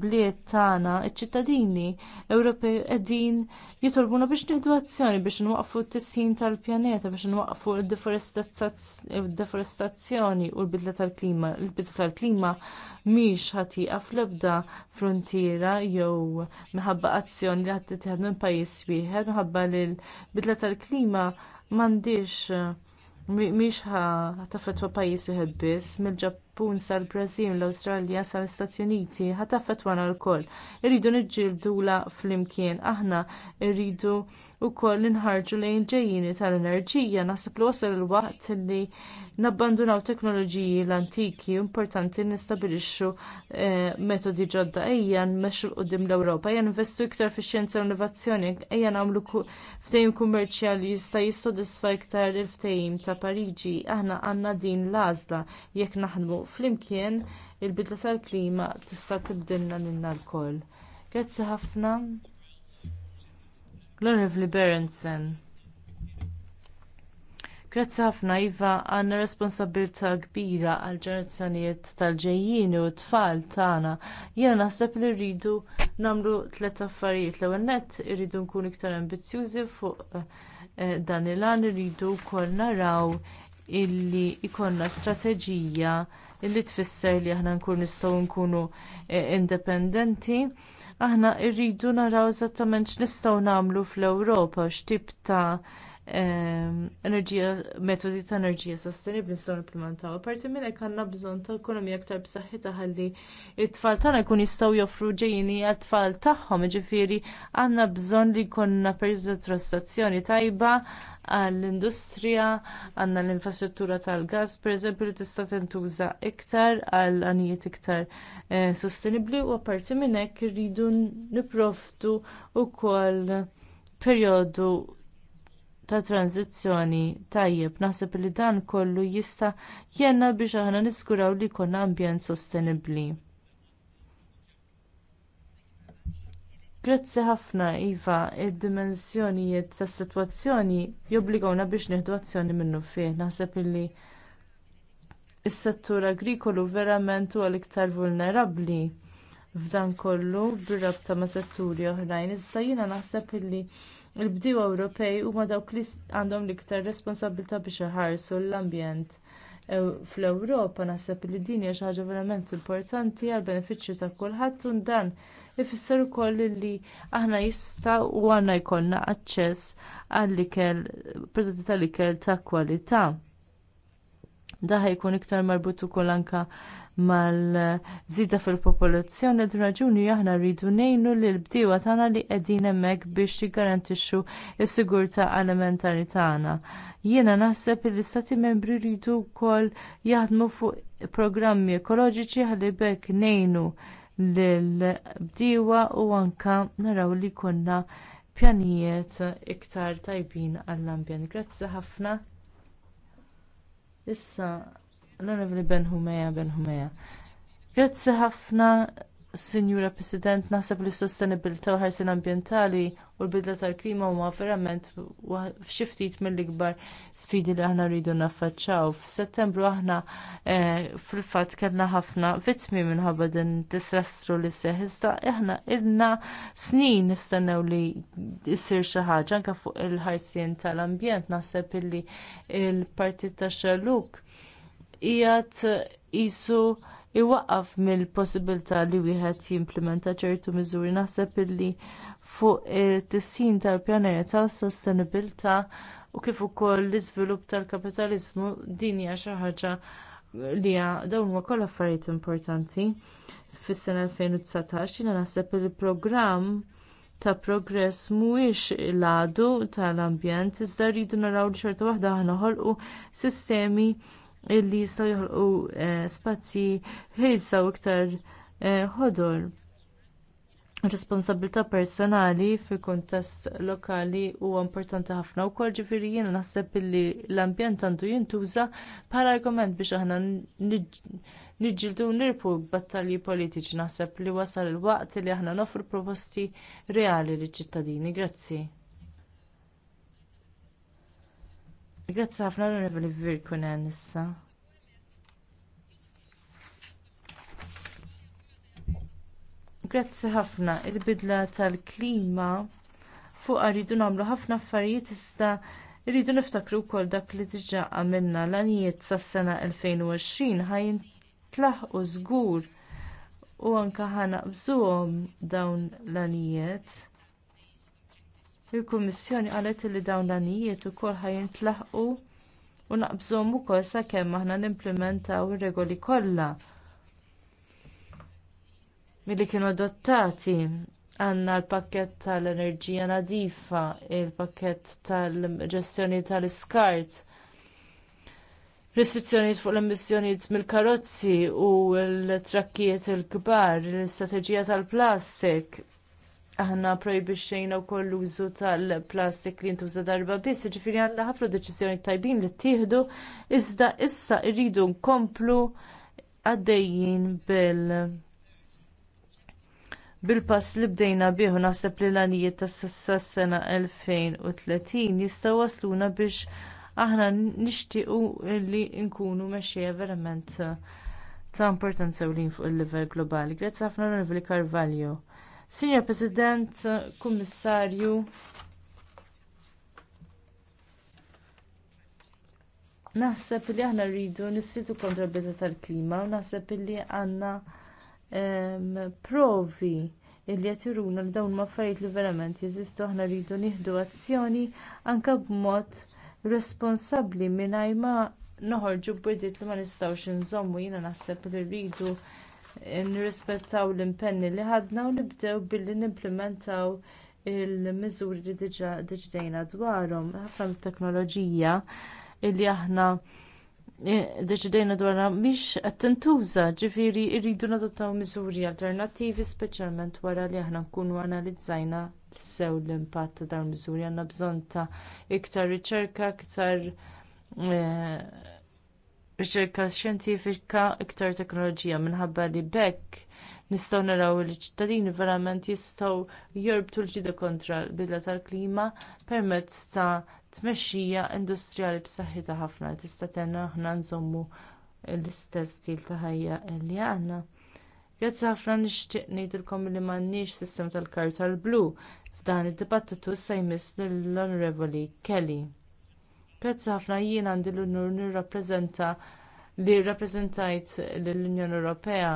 bliet tagħna iċ-ċittadini Ewropej qegħdin jitolbuna biex nieħdu azzjoni biex nwaqfu t-tisħin tal-pjaneta biex nwaqfu d-deforestazzjoni u l-bidla tal-klima. Il-bidla tal-klima mhix ħatieqa fl-ebda frontiera jew minħabba azzjoni li ħadd titieħed minn pajjiż wieħed minħabba li l-bidla tal-klima m'għandix mhix ħataffettwa pajjiż wieħed biss mill-ġappun sal-brażil l-awstralja sal-istati uniti ħataffettwana lkoll irridu niġġieldulha flimkien aħna rridu wkoll inħarġu lejn ġejjini tal-enerġija naħseb li wasal il-waqt li nabbandunaw teknoloġiji l-antiki importanti nistabbilixxu eh, metodi ġodda ejja nmexxu l qudiem l-Ewropa ejja investu iktar fix-xjenza u innovazzjoni ejja nagħmlu ftehim kummerċjali jista' jissodisfa iktar il-ftehim ta' Pariġi aħna għandna din l-għażla jekk naħdmu flimkien il-bidla tal-klima tista' tibdilna lilna lkoll. Grazzi ħafna. L-Onorevoli Berensen. Grazzi ħafna Iva għandna responsabilità kbira għall ġenerazzjonijiet tal ġejjini u t-tfal tagħna. Jiena naħseb li rridu nagħmlu tliet affarijiet. L-ewwel nett irridu nkunu iktar ambizzjużi fuq eh, dan il-għan irridu wkoll naraw illi jkollna strateġija illi tfisser li aħna nkunu nistgħu nkunu eh, indipendenti aħna rridu naraw eżattament x'nistgħu nagħmlu fl-Ewropa x'tip ta' Ehm, metodi ta' enerġija sostenibbli nistgħu nimplementaw. Apparti minn hekk għandna bżonn ta' ekonomija aktar ta' ħalli t-tfal tagħna jkun jistgħu joffru ġejjini għat-tfal tagħhom, jiġifieri għandna bżonn li jkollna perjodu ta' trastazzjoni tajba għall-industrija għandna l-infrastruttura tal-gas pereżempju li tista' tintuża iktar għal għanijiet iktar eh, sostenibbli u apparti minn hekk irridu nipprovdu wkoll perjodu ta' tranzizzjoni tajjeb naħseb li dan kollu jista' jenna biex aħna niskuraw li jkollna ambjent sostenibbli grazzi ħafna iva id-dimensjonijiet tas-sitwazzjoni jobbligawna biex nieħdu azzjoni minnu fih naħseb li is-settur agrikolu verament huwa l-iktar vulnerabbli f'dan kollu bir-rabta ma' setturi oħrajn iżda jiena naħseb illi il bdiew ewropej huma dawk li għandhom l-iktar responsabbiltà biex iħarsu l-ambjent fl-ewropa naħseb li din hija xi ħaġa verament importanti għall-benefiċċju ta' kulħadd u dan ifisser ukoll li aħna jista' u għandna jkollna aċċess għall-ikel prodotti tal-ikel ta' kwalità. Dan jkun iktar marbut ukoll anke mal-żida fil-popolazzjoni raġuni aħna rridu ngħinu lill bdiewa tagħna li qegħdin hemmhekk biex jiggarantixxu s-sigurtà alimentari tagħna. Jiena naħseb li l-istati membri rridu wkoll jaħdmu fuq programmi ekoloġiċi ħalli bekk ngħinu lill-bdiewa u anke naraw li jkollna pjanijiet iktar tajbin għall-ambjent. Grazzi ħafna. Issa l-Onorevoli Ben Humeja. Grazzi ħafna Sinjura President, naħseb li s sostenibilta u ħarsin ambjentali u l-bidla tal-klima huma verament f'xi ftit mill-ikbar sfidi li aħna rridu naffaċċaw. F'Settembru aħna eh, fil-fatt kellna ħafna vittmi minħabba din disastru li seħ iżda aħna ilna snin nistennew li jsir xi ħaġa anke fuq il-ħarsien tal-ambjent naħseb illi l partit tax-xelluk qiegħed qisu iwaqqaf mill-possibilità li wieħed jimplementa ċertu miżuri naħseb illi fuq it-tisjin tal-pjaneta u s-sostenibilità u kif ukoll l-iżvilupp tal-kapitaliżmu din hija xi ħaġa li dawn huma kollha affarijiet importanti. Fis-sena 2019 jiena naħseb li l-programm ta' progress mhuwiex il-għadu tal-ambjent iżda rridu naraw li xorta waħda ħanoħolqu sistemi illi jistgħu joħolqu eh, spazji ħilsa u iktar eh, ħodor. responsabbiltà personali fil-kuntest lokali huwa importanti ħafna wkoll ġifieri jiena naħseb illi l-ambjent għandu jintuża bħala argument biex aħna niġġieldu nirpu battalji politiċi naħseb li wasal il-waqt li aħna nofru proposti reali liċ-ċittadini grazzi Grazzi ħafna l-Onorevoli Virkunen issa. Grazzi ħafna il-bidla tal-klima fuq rridu nagħmlu ħafna affarijiet iżda rridu niftakru wkoll dak li diġà għamilna l-għanijiet sas-sena 2020 ħajn tlaħqu żgur u anke ħanaqbżuhom dawn l-għanijiet il-kummissjoni qalet li dawn l-għanijiet ukoll ħajjintlaħqu u naqbżhom ukoll sakemm aħna nimplementaw ir-regoli kollha milli kienu adottati għandna l-pakkett tal-enerġija nadifa il-pakkett tal-ġestjoni tal-iskart restrizzjonijiet fuq l-emissjonijiet mill-karozzi u l-trakkijiet il-kbar l-istrateġija tal-plastik aħna projbixxejna wkoll l-użu tal-plastik li ntuża darba biss, jiġifieri għandna ħafna deċiżjoni tajbin li ttieħdu iżda issa rridu nkomplu għaddejjin bil bil-pass li bdejna bieħu naħseb li l-għanijiet tas sissa sena 2030 jistgħu wasluna biex aħna nixtiequ li nkunu mexxejja verament ta' importanza ewlin fuq il-livell globali. Grazzi ħafna l-Carvalho. Senior President, Kummissarju, naħseb li aħna rridu nisritu kontra bieta tal-klima u naħseb li għandna provi li qed juruna li dawn l li verament jeżistu aħna rridu nieħdu azzjoni anke b'mod responsabbli minn ma noħorġu b'wiediet li ma nistgħux inżommu jiena naħseb li rridu nirrispettaw l-impenni li ħadna u nibdew billi nimplementaw il-miżuri li diġà deċidejna dwarhom ħafna mit-teknoloġija li aħna eh, deċidejna dwarha mhix qed tintuża ġifieri rridu nadottaw miżuri alternattivi speċjalment wara li aħna nkunu analizzajna sew l-impatt ta' dawn il-miżuri għandna bżonn ta' iktar riċerka iktar eh, riċerka xjentifika iktar teknoloġija minħabba li b'hekk nistgħu naraw li ċ-ċittadini verament jistgħu jorbtu l-ġlieda kontra l-bidla tal-klima permezz ta' tmexxija industrijali b'saħħitha ħafna li tista' tgħinna aħna nżommu l-istess stil ta' ħajja li għandna grazzi ħafna nixtieq ngħidilkom li m'għandniex sistema tal-karta l-blu f'dan id-dibattitu issa jmiss lill-onorevoli kelly Grazzi ħafna jien għandi l-unur nirrappreżenta li rrappreżentajt lill-Unjoni Ewropea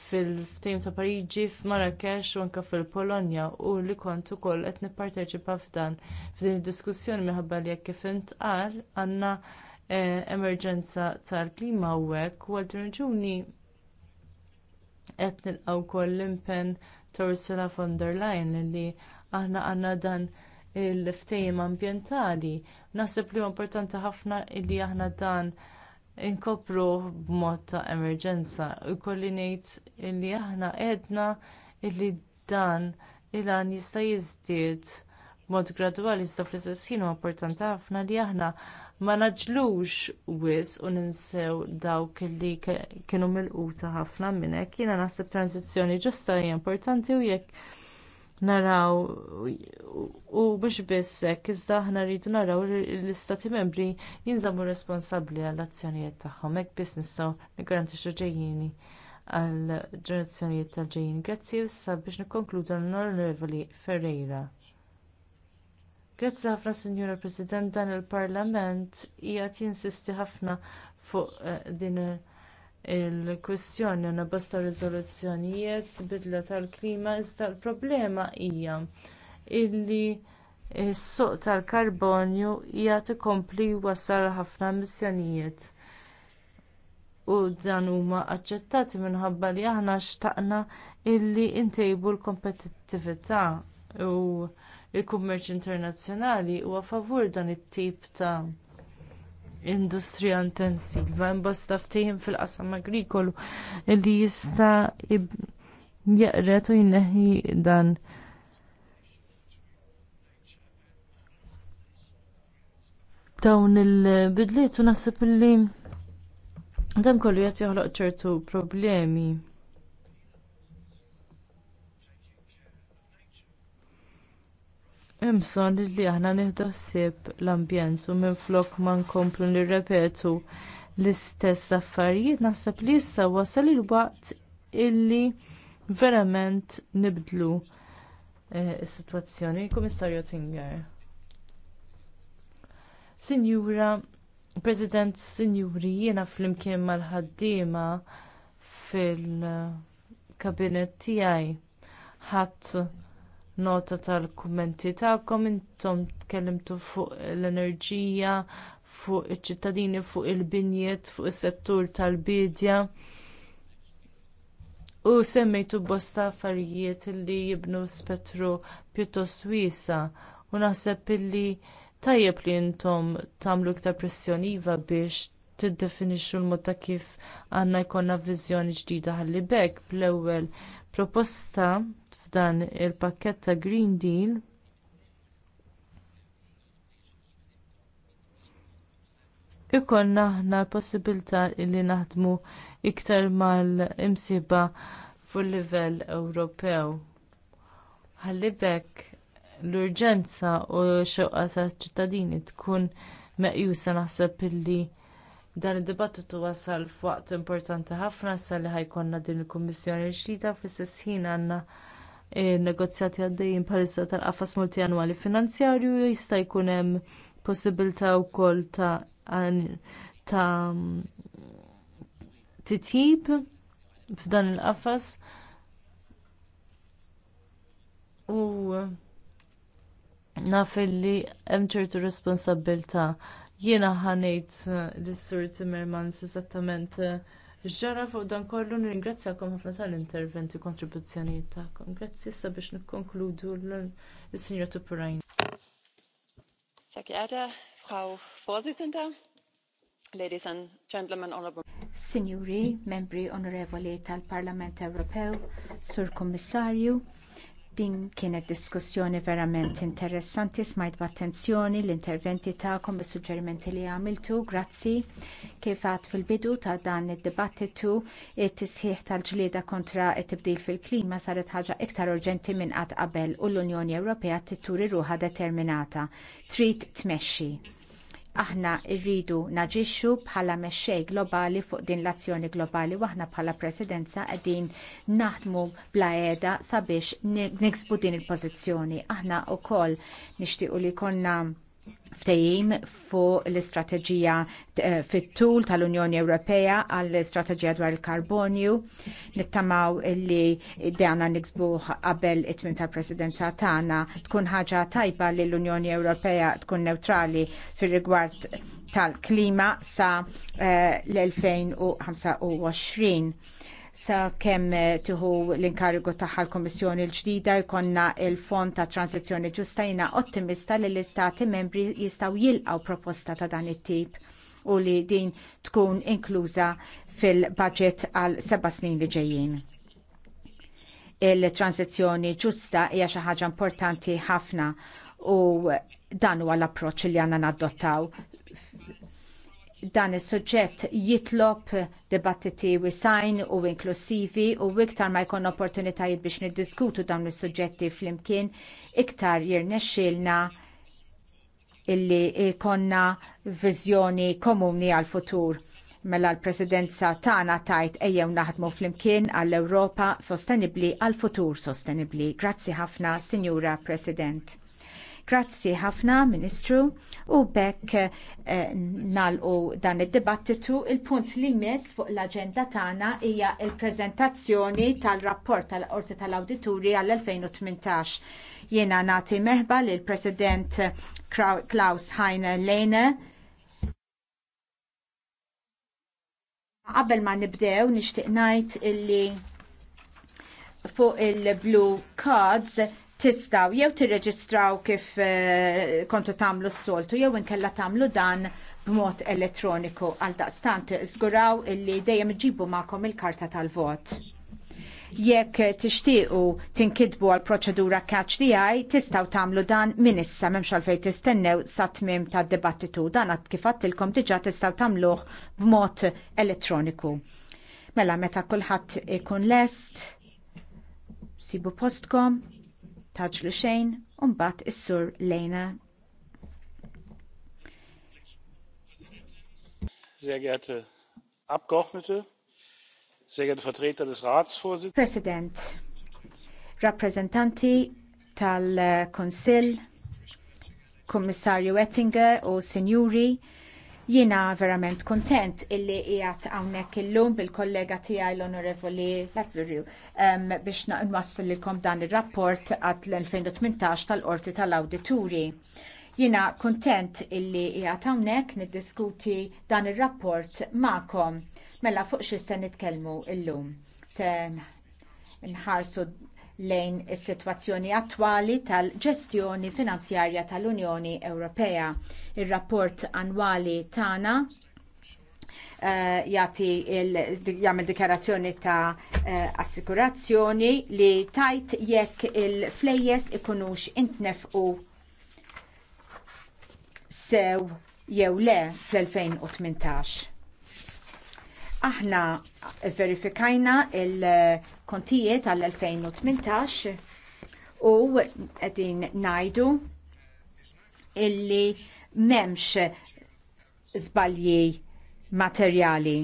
fil-ftehim ta' Pariġi f'Marrakesh u anke fil-Polonja u li kont ukoll qed nipparteċipa f'dan f'din id-diskussjoni minħabba li jekk kif qal għandna eh, emerġenza tal-klima hawnhekk u għal din raġuni qed nilqgħu wkoll l-impenn ta' Ursula von der Leyen li aħna għandna dan il-ftehim ambjentali. Naħseb li huwa importanti ħafna li aħna dan inkopru b'mod ta' emerġenza. Ikolli ngħid li aħna għedna li dan il-għan jista' jiżdied b'mod gradwali iżda fl-istess ħin huwa importanti ħafna li aħna ma naġlux wisq u ninsew dawk li kienu milquta ħafna minn hekk. Jiena naħseb transizzjoni ġusta hija importanti u jekk naraw u mhux biss hekk iżda aħna rridu naraw li l-istati membri jinżammu responsabbli għall-azzjonijiet tagħhom hekk biss nistgħu nigarantixxu ġejjieni għall-ġenerazzjonijiet tal-ġejjin. Grazzi issa biex nikkonkludu l-Onorevoli Ferreira. Grazzi ħafna Sinjura President dan il-Parlament hija tinsisti ħafna fuq eh, din il- il-kwistjoni għandna bosta riżoluzzjonijiet bidla tal-klima iżda l-problema hija li s-suq tal-karbonju qiegħed ikompli wasal ħafna emissjonijiet u dan huma aċċettati minħabba li aħna xtaqna li ntejbu l-kompetittività u l-kummerċ internazzjonali huwa favur dan it-tip ta' industrija intensiva imbosta ftehim fil-qasam agrikolu li jista' jaqret u jneħħi dan dawn il-bidliet u naħseb illi dan kollu qed joħloq ċertu problemi. hemm bżonn li aħna nieħdu ħsieb l-ambjent u minflok ma nkomplu nirrepetu l-istess affarijiet naħseb li issa wasal il-waqt illi verament nibdlu eh, is-sitwazzjoni. Kummissarju Tinger. Sinjura, President Sinjuri, jiena flimkien mal-ħaddiema fil-kabinet tiegħi ħadd nota tal-kummenti tagħkom intom tkellimtu fuq l-enerġija fuq iċ-ċittadini fuq il-binjiet fuq is-settur tal-bidja u semmejtu bosta affarijiet li jibnu spettru pjuttost wiesa' u naħseb illi tajjeb li intom tagħmlu iktar pressjoni iva biex tiddefinixxu l-mod ta' kif għandna jkollna viżjoni ġdida ħalli b'hekk bl-ewwel proposta f'dan il-pakkett ta' Green Deal ikollna aħna l-possibilità li naħdmu iktar mal-imsiba fuq livell Ewropew. Ħalli l-urġenza u x-xewqa taċ ċittadini tkun meqjusa naħseb illi dan id-dibattitu wasal f'waqt importanti ħafna sa li ħajkollna din il-kummissjoni ġdida fl-istess ħin għandna negozjati għaddejjin bħalissa tal-qafas multianwali finanzjarju jista' jkun hemm possibilità wkoll ta' ta' titjib f'dan il-qafas u naf li hemm ċertu responsabbiltà jiena ħanejt lis sur Timmermans eżattament uh, ġara fuq dan kollu nirringrazzjakom ħafna tal-interventi u kontribuzzjonijiet tagħkom. Grazzi issa biex nikkonkludu l sinjora Tupurajn. Sehr geehrte Frau Vorsitzende, ladies and gentlemen, honorable Sinjuri, membri onorevoli tal-Parlament Ewropew, Sur Kommissarju, Din kienet diskussjoni verament interessanti, smajt b'attenzjoni l-interventi tagħkom is suġġerimenti li għamiltu, grazzi. Kif għad fil-bidu ta' dan id-dibattitu, it-tisħiħ tal-ġlieda kontra it-tibdil fil-klima saret ħaġa iktar urġenti minn qatt qabel u l-Unjoni Ewropea titturi ruħa determinata. Trid tmexxi aħna rridu naġixxu bħala mexxej globali fuq din l-azzjoni globali u bħala presidenza qegħdin naħdmu bla qiegħda sabiex niksbu din il-pożizzjoni. Aħna wkoll nixtiequ li jkollna ftejim fuq l-istrateġija eh, fit-tul tal-Unjoni Ewropea għall istrateġija dwar il-karbonju. Nittamaw li dana niksbu qabel it-tmim tal-presidenza tagħna tkun ħaġa tajba li l-Unjoni Ewropea tkun neutrali fir-rigward tal-klima sa eh, l-2025 sa kemm eh, tiħu l-inkarigu tagħha l komissjoni l-ġdida jkollna il-Fond ta' Transizzjoni Ġusta jina ottimista li l-istati membri jistgħu jilqgħu proposta ta' dan it-tip u li din tkun inkluża fil-budget għal seba' snin li ġejjin il-transizzjoni ġusta hija xi ħaġa importanti ħafna u dan huwa l-approċċ li għandna nadottaw dan is-suġġett jitlob dibattiti wisajn u inklusivi u iktar ma jkun opportunitajiet biex niddiskutu dawn is-suġġetti flimkien iktar jirnexxielna illi jkollna viżjoni komuni għall futur Mela l-presidenza tagħna tajt ejjew naħdmu flimkien għall-Ewropa sostenibbli għall futur sostenibbli. Grazzi ħafna, Sinjura President. Grazzi ħafna, Ministru, u bekk eh, nalqu dan id-dibattitu. Il punt li mis fuq l-agenda tagħna hija il-preżentazzjoni tal-rapport tal-Qorti tal-Awditurji għall-2018. Jiena nagħti merħba lil President Klaus Heine Lehne Qabel ma nibdew nixtieq ngħid illi fuq il-blue cards tistaw jew tirreġistraw kif eh, kontu tagħmlu s-soltu jew inkella tagħmlu dan b'mod elettroniku għal daqstant żguraw illi dejjem iġibu magħkom il-karta tal-vot. Jekk tixtiequ tinkitbu għal proċedura catch the eye, tistaw tagħmlu dan minn issa m'hemmx għalfejn tistennew sa tmiem tad-dibattitu dan għad kif għattilkom diġà tistgħu tagħmluh b'mod elettroniku. Mela meta kulħadd ikun lest, sibu postkom, taġlu xejn u mbagħad is-sur Lejna. Sehr geehrte Abgeordnete, sehr geehrte Vertreter des President, rappresentanti tal-Konsill, Kommissarju Ettinger u Sinjuri, Jiena verament kontent illi qiegħed hawnhekk illum bil-kollega tiegħi l-Onorevoli Lazzurju um, biex nwassillilkom dan ir-rapport għad l-2018 tal-Qorti tal-Awdituri. Jiena kontent illi qiegħed hawnhekk niddiskuti dan ir-rapport magħkom mela fuq xi se nitkellmu illum. Se nħarsu lejn is-sitwazzjoni attwali tal-ġestjoni finanzjarja tal-Unjoni Ewropea. Ir-rapport annwali tagħna eh, jagħti jati jagħmel dikarazzjoni ta' eh, assikurazzjoni li tajt jekk il-flejjes ikunux intnefqu sew jew le fl-2018. Aħna verifikajna il- kontijiet għall-2018 u qegħdin ngħidu illi m'hemmx żbalji materjali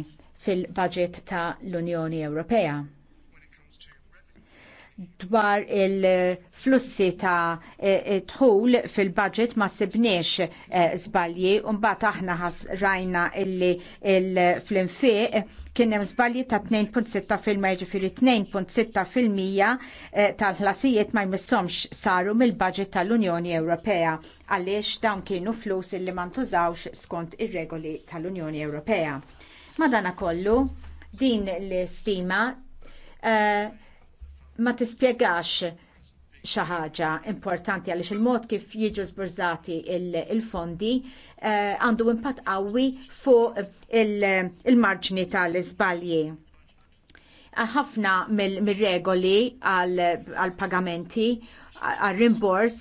fil-budget ta' l-Unjoni Ewropea dwar il-flussi ta' e, e, tħul fil-budget ma sibniex e, zbalji un bat aħna ħas rajna illi fl-infiq kienem zbalji ta' 2.6% ġifiri 2.6% tal-ħlasijiet ma jmissomx saru mill-budget tal-Unjoni Ewropea għaliex dawn kienu flus illi ntużawx skont ir-regoli tal-Unjoni Ewropea. Madana kollu, din l-stima uh, ma tispjegax xi ħaġa importanti għaliex il-mod kif jiġu żburżati il-fondi eh, għandu impatt qawwi fuq il-marġni tal-iżbalji. Eh, ħafna mill-regoli għal-pagamenti għal-rimbors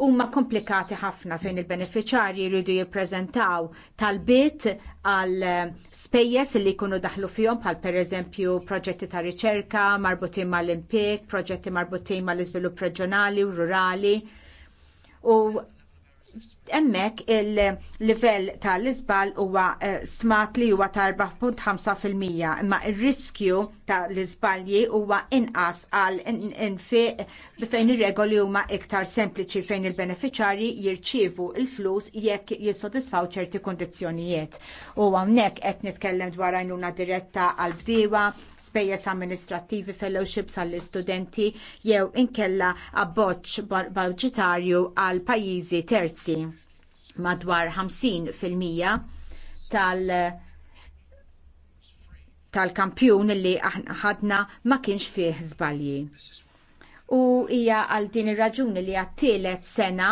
huma komplikati ħafna fejn il-beneficjarji jridu jippreżentaw talbiet għal spejjeż li jkunu daħlu fihom bħal pereżempju proġetti ta' riċerka marbutin mal-impjeg, proġetti marbutin mal-iżvilupp reġjonali u rurali. U Hemmhekk il-livell tal-iżbal huwa eh, smat li huwa ta' 4.5% imma r-riskju tal-iżbalji huwa inqas għal infiq fejn ir-regoli huma iktar sempliċi fejn il-beneficjarji jirċievu l flus jekk jissodisfaw ċerti kundizzjonijiet. U hawnhekk qed nitkellem dwar għajnuna diretta għal bdiewa, spejjeż amministrattivi fellowships għall-istudenti jew inkella abboċ budgetarju għal pajjiżi terzi madwar 50% fil-mija tal- tal-kampjun li ħadna ma kienx fih żbalji. U hija għal din ir-raġuni li għat-tielet sena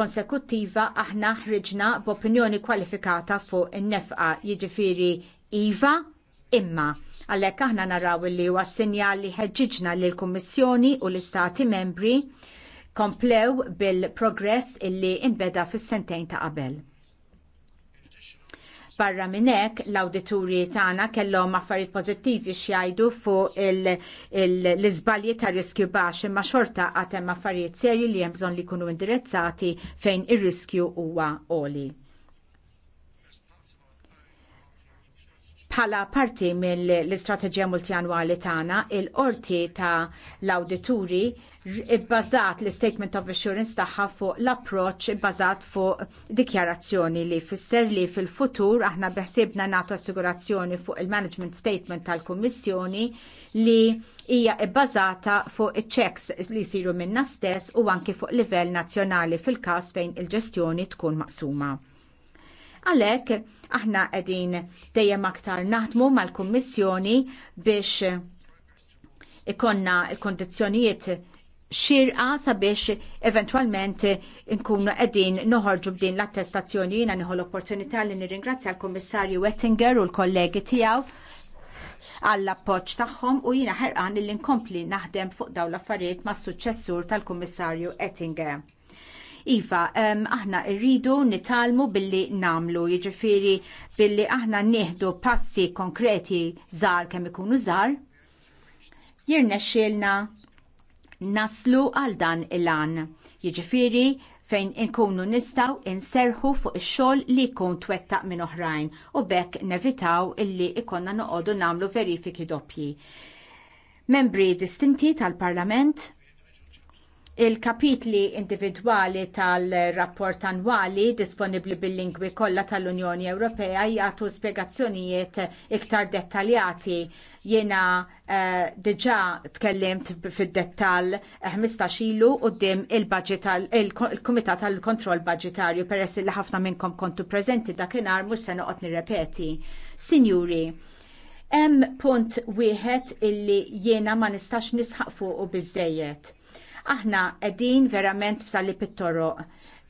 konsekuttiva aħna ħriġna b'opinjoni kwalifikata fuq in-nefqa jiġifieri iva imma għalhekk aħna naraw li huwa sinjal li ħeġġiġna lill kummissjoni u l-Istati membri komplew bil-progress illi inbeda fis-sentejn ta' qabel. Barra minn hekk, l-awdituri tagħna kellhom affarijiet pożittivi xjajdu fuq l-iżbalji ta' riskju baxx imma xorta għad hemm affarijiet serji li hemm bżonn li jkunu indirizzati fejn ir-riskju huwa għoli. Bħala parti mill-istrateġija multianwali tagħna, il-qorti ta' l-awdituri bbażat l-statement of assurance tagħha fuq l-approċċ bbażat fuq dikjarazzjoni li fisser li fil-futur aħna beħsibna nagħtu assigurazzjoni fuq il-management statement tal-Kummissjoni li hija bbażata fuq iċ-checks li jsiru minna stess u anki fuq livell nazzjonali fil-każ fejn il-ġestjoni tkun maqsuma. Għalhekk aħna qegħdin dejjem aktar naħdmu mal-Kummissjoni biex ikonna kondizzjonijiet xirqa sabiex eventualment nkun qegħdin noħorġu b'din l-attestazzjoni jiena niħol opportunità li nirringrazzja l-Kummissarju Wettinger u l-kollegi tiegħu għall appoġġ tagħhom u jiena ħerqan li nkompli naħdem fuq dawn l-affarijiet mas-suċċessur tal-Kummissarju Ettinger. Iva, um, aħna rridu nitalmu billi namlu, jiġifieri billi aħna nieħdu passi konkreti żgħar kemm ikunu żgħar. Jirnexxielna naslu għal dan il-għan. Jiġifieri fejn inkunu nistaw inserħu fuq ix-xogħol li jkun twettaq minn oħrajn u bekk nevitaw illi ikonna noqogħdu nagħmlu verifiki doppji. Membri distinti tal-Parlament, Il-kapitli individwali tal-rapport annwali disponibbli bil-lingwi kollha tal-Unjoni Ewropea jagħtu spjegazzjonijiet iktar dettaljati. Jiena uh, diġà tkellimt fid-dettall 15 eh, ilu quddiem il baġit il-Kumitat tal-Kontroll Budgetarju peress li ħafna minnkom kontu preżenti dakinhar mhux se noqgħod nirrepeti. Sinjuri, Hemm punt wieħed illi jiena ma nistax nisħaq fuqu biżżejjed. Aħna qegħdin verament f'salli pittoroq.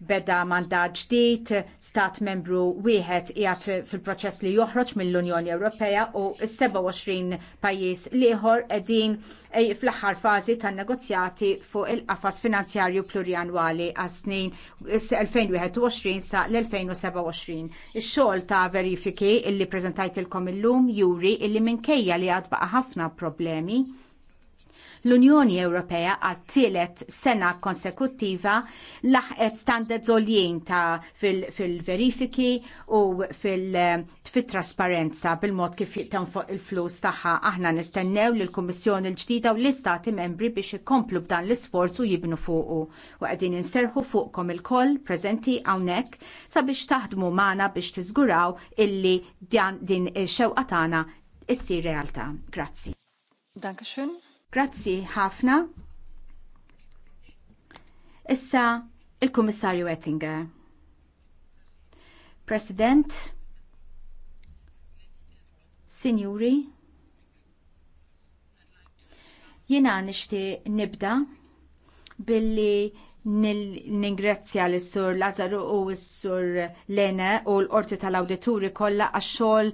Beda mandat ġdid, stat membru wieħed qiegħed fil-proċess li joħroġ mill-Unjoni Ewropea u s-27 pajjiż liħor qegħdin eh, fl-aħħar fażi tan-negozjati fuq il-qafas finanzjarju plurianwali għas-snin 2021 sa l-2027. Ix-xogħol ta' verifiki illi il illum juri illi minkejja li għad baqa' ħafna problemi L-Unjoni Ewropea għat-tielet sena konsekuttiva laħqet standards oljien ta' fil-verifiki u fil-trasparenza bil-mod kif fuq il-flus tagħha. Aħna nistennew l kummissjoni l-ġdida u l-Istati membri biex ikomplu b'dan l-isforz u jibnu fuqu. U qegħdin inserħu fuqkom il-koll preżenti hawnhekk sabiex taħdmu magħna biex tiżguraw illi din ix-xewqa tagħna issir realtà. Grazzi. Dankeschön. Grazzi ħafna. Issa il-Kummissarju Ettinger. President, Sinjuri, jiena nixtieq nibda billi Ningrazzja l sur Lazaru u s-sur Lene u l-Qorti tal-Awdituri kollha għax-xogħol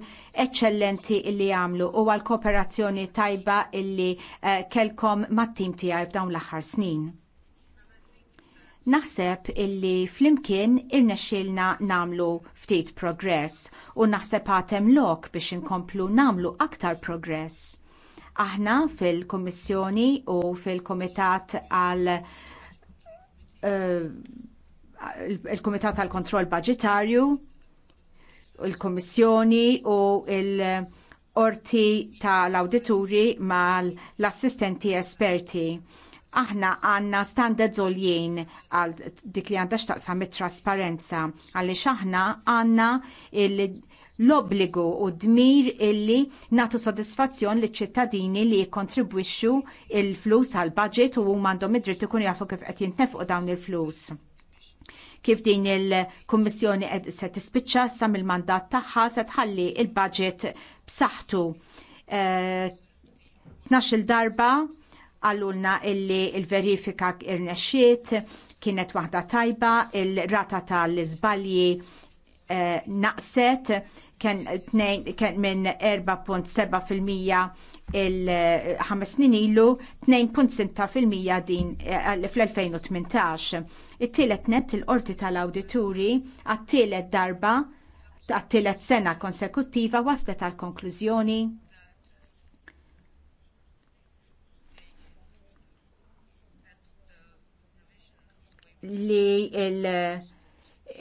eċċellenti li għamlu u għall kooperazzjoni tajba illi eh, kelkom mat-tim tiegħi f'dawn l-aħħar snin. Naħseb illi flimkien irnexxilna namlu ftit progress u naħseb għatem lok biex inkomplu namlu aktar progress. Aħna fil-Kommissjoni u fil-Komitat għal Eh, il-Kumitat tal-Kontroll Budgetarju, il-Kommissjoni u il-Orti tal-Awdituri mal-assistenti esperti. Aħna għanna standard zoljien għal dik li għandax taqsam it-trasparenza, għalli xaħna għanna il- l-obbligu u dmir illi natu sodisfazzjon li ċittadini li kontribwixxu il-flus għal budget u għandhom id-dritt ikun jafu kif qed jintnefqu dawn il-flus. Kif din il-Kummissjoni se tispiċċa sam il-mandat tagħha se tħalli il-budget b'saħħtu. Eh, tnax-il darba għallulna illi il-verifika irnexxiet kienet waħda tajba, il-rata tal-iżbalji eh, naqset, kien minn 4.7% il-5 snin ilu 2.6% din eh, fl-2018. It-tielet net il-qorti tal-awdituri għat-tielet darba għat-tielet sena konsekuttiva waslet għal konklużjoni li il-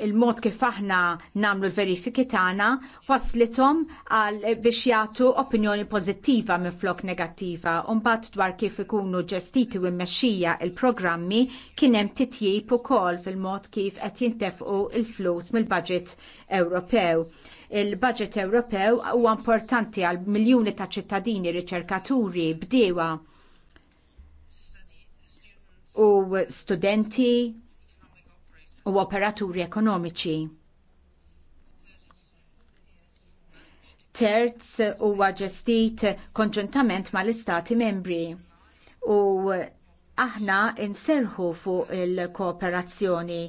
il-mod kif aħna namlu l-verifiki tagħna waslithom għal biex jagħtu opinjoni pożittiva minn flok negattiva u mbagħad dwar kif ikunu ġestiti u mmexxija il-programmi kien hemm titjib ukoll fil-mod kif qed jintefqu il-flus mill-budget Ewropew il-budget Ewropew huwa importanti għal miljuni ta' ċittadini riċerkaturi bdiewa u studenti u operaturi ekonomiċi. Terz huwa ġestit konġuntament mal-istati membri u aħna inserħu fuq il-kooperazzjoni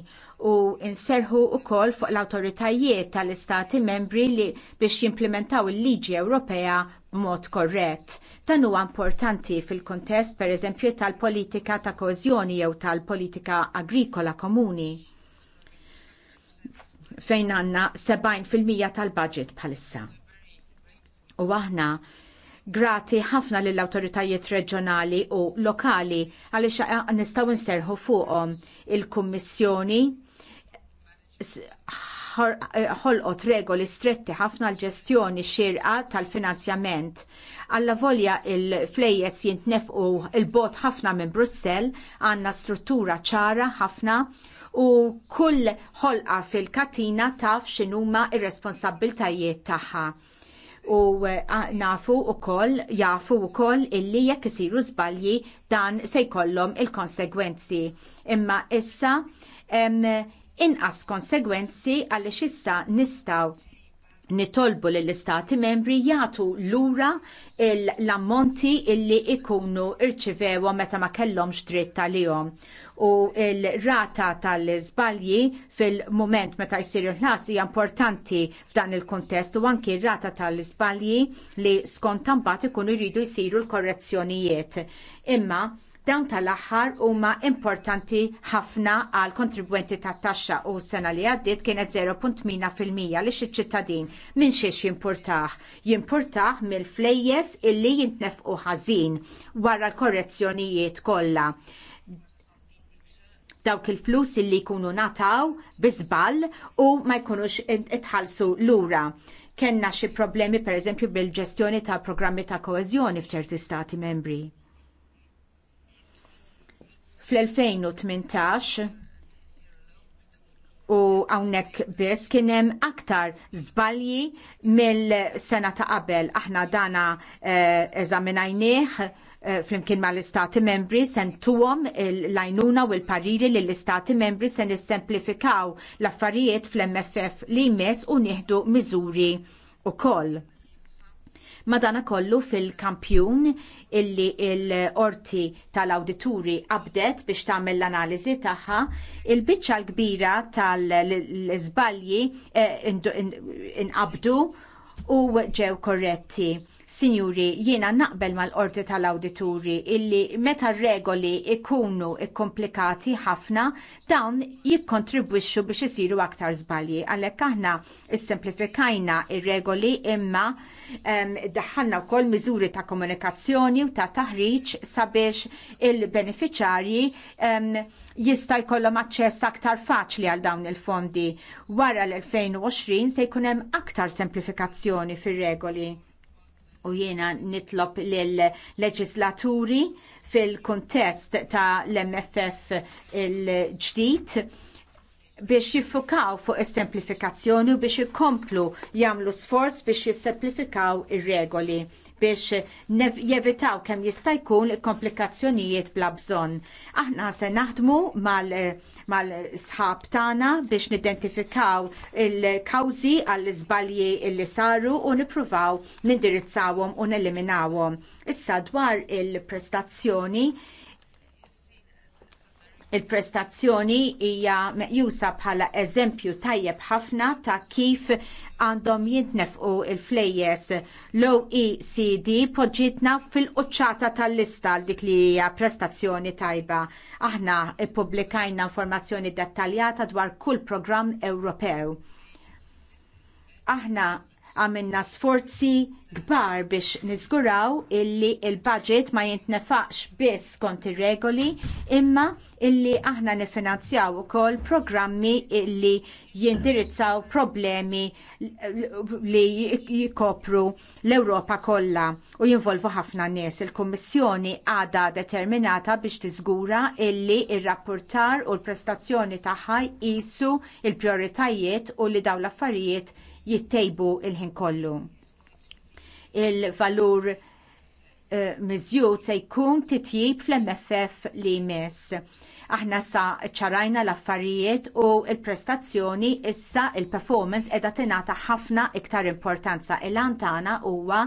u inserħu wkoll fuq l awtoritajiet tal-istati membri li biex jimplementaw il-liġi Ewropea b'mod korrett. Dan huwa importanti fil-kontest pereżempju tal-politika ta' kożjoni jew tal-politika agrikola komuni fejn għanna 70% tal-budget bħalissa. U aħna grati ħafna lill awtoritajiet reġjonali u lokali għaliex nistgħu nserħu fuqhom il-Kummissjoni ħolqot regoli stretti ħafna l-ġestjoni xirqa tal-finanzjament. Alla volja il-flejjes jintnefqu il-bot ħafna minn Brussell, għandna struttura ċara ħafna u kull ħolqa fil-katina taf x'inhuma ir-responsabbiltajiet tagħha u eh, nafu u koll, jafu u koll illi jekk isiru zbalji dan se jkollhom il-konsegwenzi. Imma issa em, inqas konsegwenzi għaliex issa nistaw nitolbu lill-istati membri jagħtu lura l-ammonti illi ikunu irċivewhom meta ma kellhomx dritt għalihom u il-rata tal iżbalji fil-moment meta jsir il-ħlas hija importanti f'dan il-kontest u anki r-rata tal iżbalji li skont tambat ikunu jridu jsiru l-korrezzjonijiet. Imma dawn tal-aħħar huma importanti ħafna għal kontribwenti tat-taxxa u s-sena li għaddiet kienet 0.8% li xiċ ċittadin minn xiex jimpurtaħ. Jimpurtaħ mill-flejjes illi jintnefqu ħażin wara l-korrezzjonijiet kollha dawk il-flus illi jkunu nataw bizbal u ma jkunux itħalsu lura. Kenna xi problemi pereżempju bil-ġestjoni ta' programmi ta' koeżjoni f'ċerti stati membri. Fl-2018 u għawnek biss kienem aktar zbalji mill-sena ta' qabel. Aħna dana eżaminajnieħ eh, Eh, flimkien mal istati membri sen tuwom l-lajnuna u l-pariri li l-istati membri sen issemplifikaw l-affarijiet fl-MFF li jmess u nieħdu miżuri u koll. Madana kollu fil-kampjun illi l-orti tal-awdituri abdet biex tagħmel l-analiżi tagħha, il-biċċa l-kbira tal izbalji eh, inqabdu in u ġew korretti Sinjuri, jiena naqbel mal-qorti tal-awdituri illi meta regoli ikunu ikkomplikati ħafna dawn jikkontribwixxu biex isiru aktar żbalji. Għalhekk aħna issemplifikajna ir-regoli imma daħħalna wkoll miżuri ta' komunikazzjoni u ta' taħriġ sabiex il-beneficjarji jista' jkollhom aċċess aktar faċli għal dawn il-fondi. Wara l-2020 se jkun hemm aktar semplifikazzjoni fir-regoli u jiena nitlob lill-leġislaturi fil-kontest ta' l-MFF il-ġdid biex jiffukaw fuq is-semplifikazzjoni u biex jikomplu jagħmlu sforz biex jissemplifikaw ir-regoli biex jevitaw kemm jista' jkun komplikazzjonijiet bla bżonn. Aħna se naħdmu mal-sħab tana tagħna biex nidentifikaw il-kawżi għall-iżbalji li saru u nippruvaw nindirizzawhom u neliminawhom. Issa dwar il-prestazzjoni Il-prestazzjoni hija meqjusa bħala eżempju tajjeb ħafna ta' kif għandhom jintnefqu il-flejjes. L-OECD poġġitna fil quċċata tal-lista dik li hija prestazzjoni tajba. Aħna ippubblikajna informazzjoni dettaljata dwar kull programm Ewropew. Aħna għamilna sforzi kbar biex niżguraw illi il-budget ma jintnefaqx biss kont ir-regoli imma illi aħna nifinanzjaw ukoll programmi illi jindirizzaw problemi li jikopru l-Ewropa kollha u jinvolvu ħafna nies. Il-Kummissjoni għadha determinata biex tiżgura illi ir-rapportar u l-prestazzjoni tagħha jqisu l prijoritajiet u li dawn l-affarijiet jittejbu il-ħin kollu. Il-valur eh, miżjud se jkun titjib fl-MFF li jmiss. Aħna sa ċarajna l-affarijiet u l prestazzjoni issa il-performance edha tingħata ħafna iktar importanza. Il-antana huwa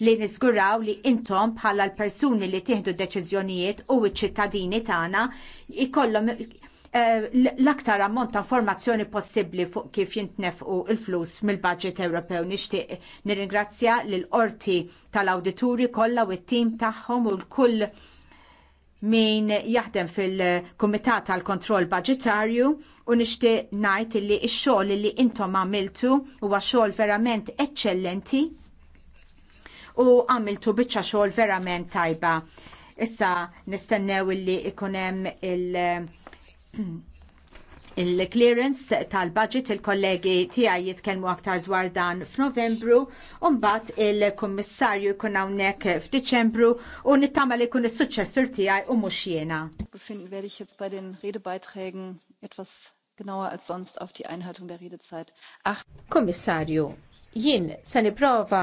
li niżguraw li intom bħala l-persuni li tieħdu deċiżjonijiet u ċ-ċittadini tagħna jkollhom. Eh, l-aktar ammont ta' informazzjoni possibbli fuq kif jintnefqu il-flus mill-budget Ewropew nixtieq nirringrazzja l qorti tal-awdituri kollha u t-tim tagħhom u l-kull min jaħdem fil-Kumitat tal-Kontroll Budgetarju u nixtieq ngħid li x-xogħol li intom għamiltu huwa xogħol verament eċċellenti u għamiltu biċċa xogħol verament tajba. Issa nistennew li ikun hemm il- il-clearance tal-budget il-kollegi tiegħi jitkellmu aktar dwar dan f'Novembru u mbagħad il-Kummissarju jkun hawnhekk f'Diċembru u nittama li jkun is-suċċessur tiegħi u mhux jiena. Befinden etwas genauer als sonst auf die Einhaltung der Redezeit. Ach, Kommissarju, jien se nipprova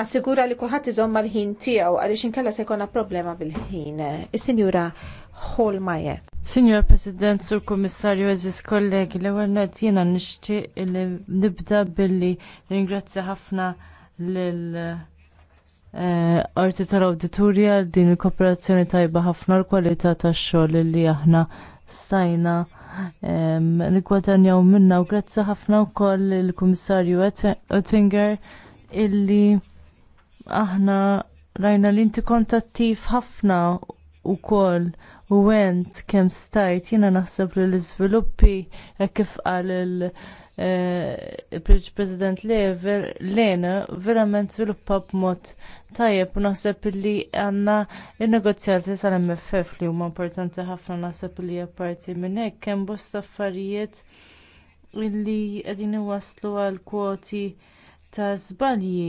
nassigura li kulħadd iżomm mal-ħin tiegħu għaliex inkella se jkollna problema bil-ħin. Is-Sinjura Holmaje. Signor President, Sur Kommissarju, Eżis kollegi, l ewwel net jiena nixtieq li nibda billi ringrazzja ħafna lil Arti eh, tal-Awditurja din il-kooperazzjoni tajba ħafna l-kwalità tax-xogħol li aħna stajna nigwadanjaw minna u grazzi ħafna wkoll il-Kummissarju Oettinger illi aħna rajna li inti kontattiv ħafna koll u għent kem stajt jiena naħseb li l-izviluppi e kif qal il-President e, Lena verament sviluppa b'mod tajjeb u naħseb li għandna il-negozjati tal-MFF li huma importanti ħafna naħseb li apparti minn hekk kemm bosta affarijiet illi qegħdin iwasslu għal kwoti ta' żbalji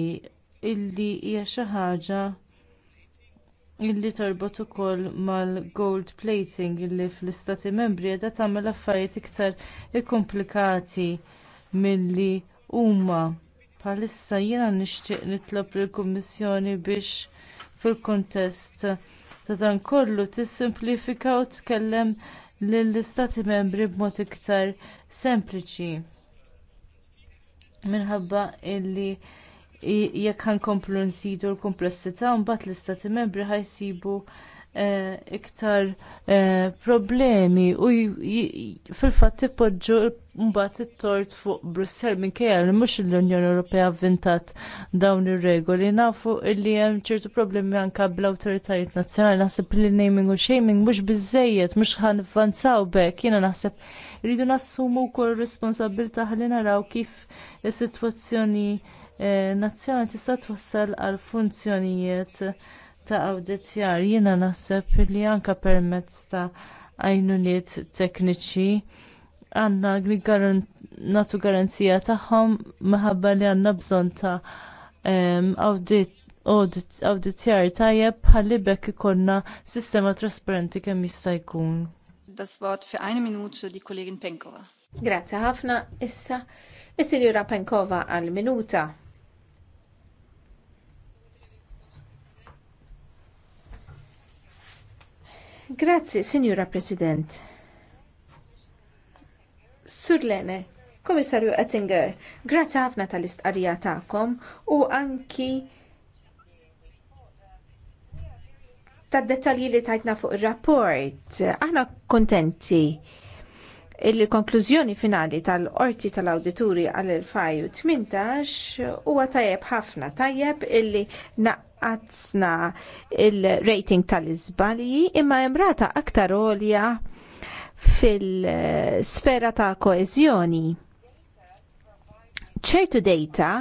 illi hija xi ħaġa illi torbot ukoll mal-gold plating illi fl-istati membri qiegħda tagħmel affarijiet iktar ikkumplikati milli huma bħalissa jiena nixtieq nitlob lill-kummissjoni biex fil-kuntest ta' dan kollu tissimplifika u tkellem lill-istati membri b'mod iktar sempliċi minħabba illi jekk ħankomplu nsidu l-kumplessità mbagħad l-istati membri ħajsibu eh, iktar eh, problemi u fil-fatt ipoġġu mbagħad it-tort fuq Brussell minkejja li mhux l-Unjoni Ewropea vvintat dawn ir-regoli nafu li hemm ċertu problemi anke bl-awtoritajiet nazzjonali naħseb li naming u shaming mhux biżżejjed mhux ħanvvanzaw b'hekk jiena naħseb irridu nassumu wkoll responsabbiltà ħalli naraw kif is-sitwazzjoni Eh, nazzjoni tista' twassal għal funzjonijiet ta' awditjar jiena naħseb li anke permezz ta' għajnuniet tekniċi għandna nagħtu garanzija tagħhom minħabba li għandna bżonn ta' ehm, awditjar tajjeb ħalli bekk ikollna sistema trasparenti kemm jista' jkun. Das Wort für eine Minute die Kollegin Penkova. Grazie ħafna issa is-Sinjura Penkova għal minuta. Grazzi, Signora President. Surlene, Lene, Komissarju Ettinger, grazzi ħafna tal-istqarrija tagħkom u anki tad-dettalji li tajtna fuq ir-rapport. Aħna kontenti Il-konklużjoni finali tal-Qorti tal-Awdituri għal-2018 huwa tajjeb ħafna tajjeb illi naqqatzna il-rating tal-iżbalji imma imrata aktar għolja fil-sfera ta' koeżjoni. ċertu data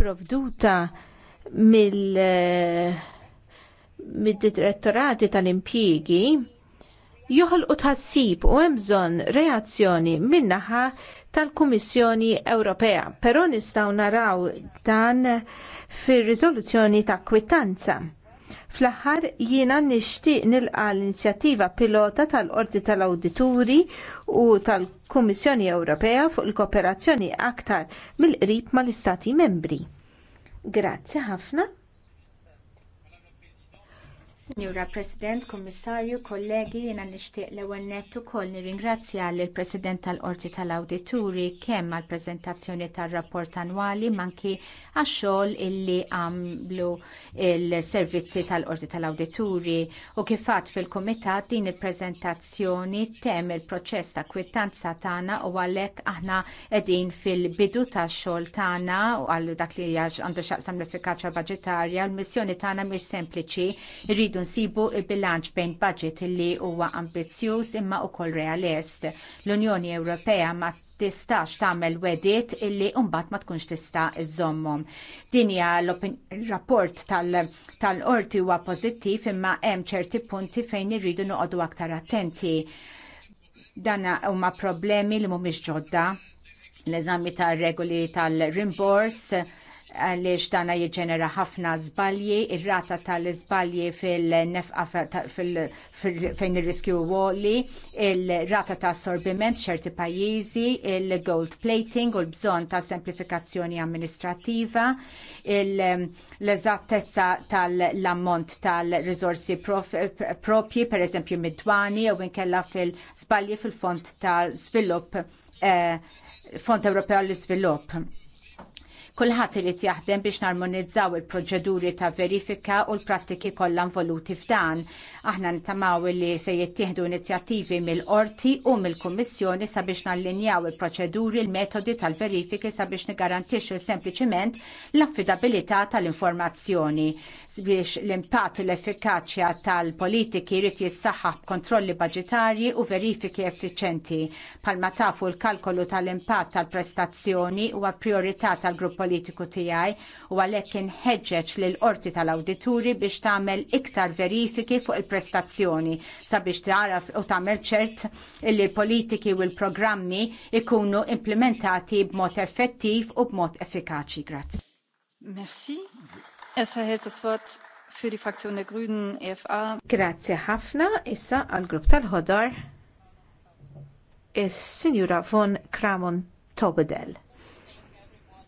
provduta mill mid-direttorati tal-impjiegi joħolqu tħassib u hemm bżonn reazzjoni min-naħa tal-Kummissjoni Ewropea, però nistgħu naraw dan fir-riżoluzzjoni ta' kwittanza. Fl-aħħar jiena nixtieq nilqa l-inizjattiva pilota tal-Qorti tal-Awdituri u tal-Kummissjoni Ewropea fuq il-kooperazzjoni aktar mill-qrib mal-Istati Membri. Grazzi ħafna. Signora President, Kommissarju, kollegi, jiena nixtieq l-ewwel nett ukoll nirringrazzja lill President tal-Qorti tal-Awdituri kemm għall preżentazzjoni tar-rapport annwali manki għax-xogħol illi għamlu il-servizzi tal-Qorti tal-Awdituri u kif fil-Kumitat din il-preżentazzjoni temm il-proċess ta' kwittanza tagħna u għalhekk aħna qegħdin fil-bidu tax-xogħol tagħna u għal dak li għandu x'aqsam l-effikaċja l-missjoni tagħna mhix sempliċi, irridu rridu nsibu il-bilanċ bejn budget li huwa ambizzjuż imma wkoll realist. L-Unjoni Ewropea ma tistax tagħmel wedit illi mbagħad ma tkunx tista' iżommhom. Din hija l-rapport tal-qorti huwa pożittiv imma hemm ċerti punti fejn irridu noqogħdu aktar attenti. Dan huma problemi li mhumiex ġodda l-eżami tar regoli tal-rimbors, għaliex dana jiġġenera ħafna żbalji, ir-rata tal iżbalji fil-nefqa fejn ir-riskju għoli, il-rata ta' assorbiment xerti pajjiżi, il-gold plating u l-bżonn ta' semplifikazzjoni amministrattiva, ehm, l-eżattezza tal-ammont tal-risorsi propji, per eżempju mid-dwani, u nkella fil-żbalji fil-fond ta' svilupp eh, Fond Ewropew l-Iżvilupp Kulħadd irid jaħdem biex narmonizzaw il-proċeduri ta' verifika u l-prattiki kollha involuti f'dan. Aħna nitamaw li se jittieħdu inizjattivi mill-qorti u mill-Kummissjoni sabiex nallinjaw il-proċeduri l-metodi tal-verifiki sabiex nigarantixxu sempliċiment l-affidabilità tal-informazzjoni biex l-impatt u l-effikaċja tal-politiki jrid jissaħħaħ kontrolli budġetarji u verifiki effiċenti. Palma tafu l-kalkolu tal-impatt tal-prestazzjoni huwa priorità tal-grupp politiku tiegħi u għalhekk inħeġġeġ l qorti tal-awdituri biex tagħmel iktar verifiki fuq il-prestazzjoni sabiex taraf u tagħmel ċert li l-politiki u l-programmi ikunu implementati b'mod effettiv u b'mod effikaċi. Grazie. Merci. Essa e Grazzi ħafna issa għal grupp tal-ħodor is-Sinjura von Kramon Tobedel.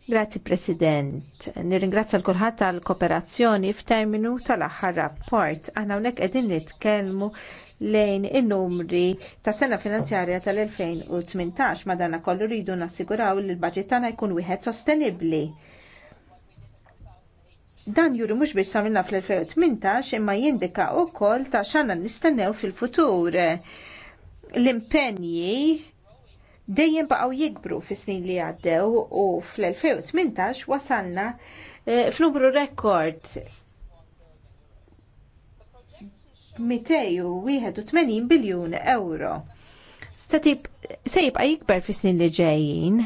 Grazzi President. Nirringrazzja l kulħadd tal-kooperazzjoni f'terminu tal-aħħar rapport. Aħna hawnhekk qegħdin nitkellmu lejn in-numri ta' sena finanzjarja tal-2018 madana kollu rridu nassiguraw li l-budget tagħna jkun wieħed sostenibbli Dan juri mhux biex samilna fl-2018 imma jindika wkoll ta' x'għandna nistennew fil-futur. L-impenji dejjem baqgħu jikbru fis-snin li għaddew u fl-2018 wasalna e, f'numru rekord 281 biljun euro. Se jibqa' jikber fis-snin li ġejjin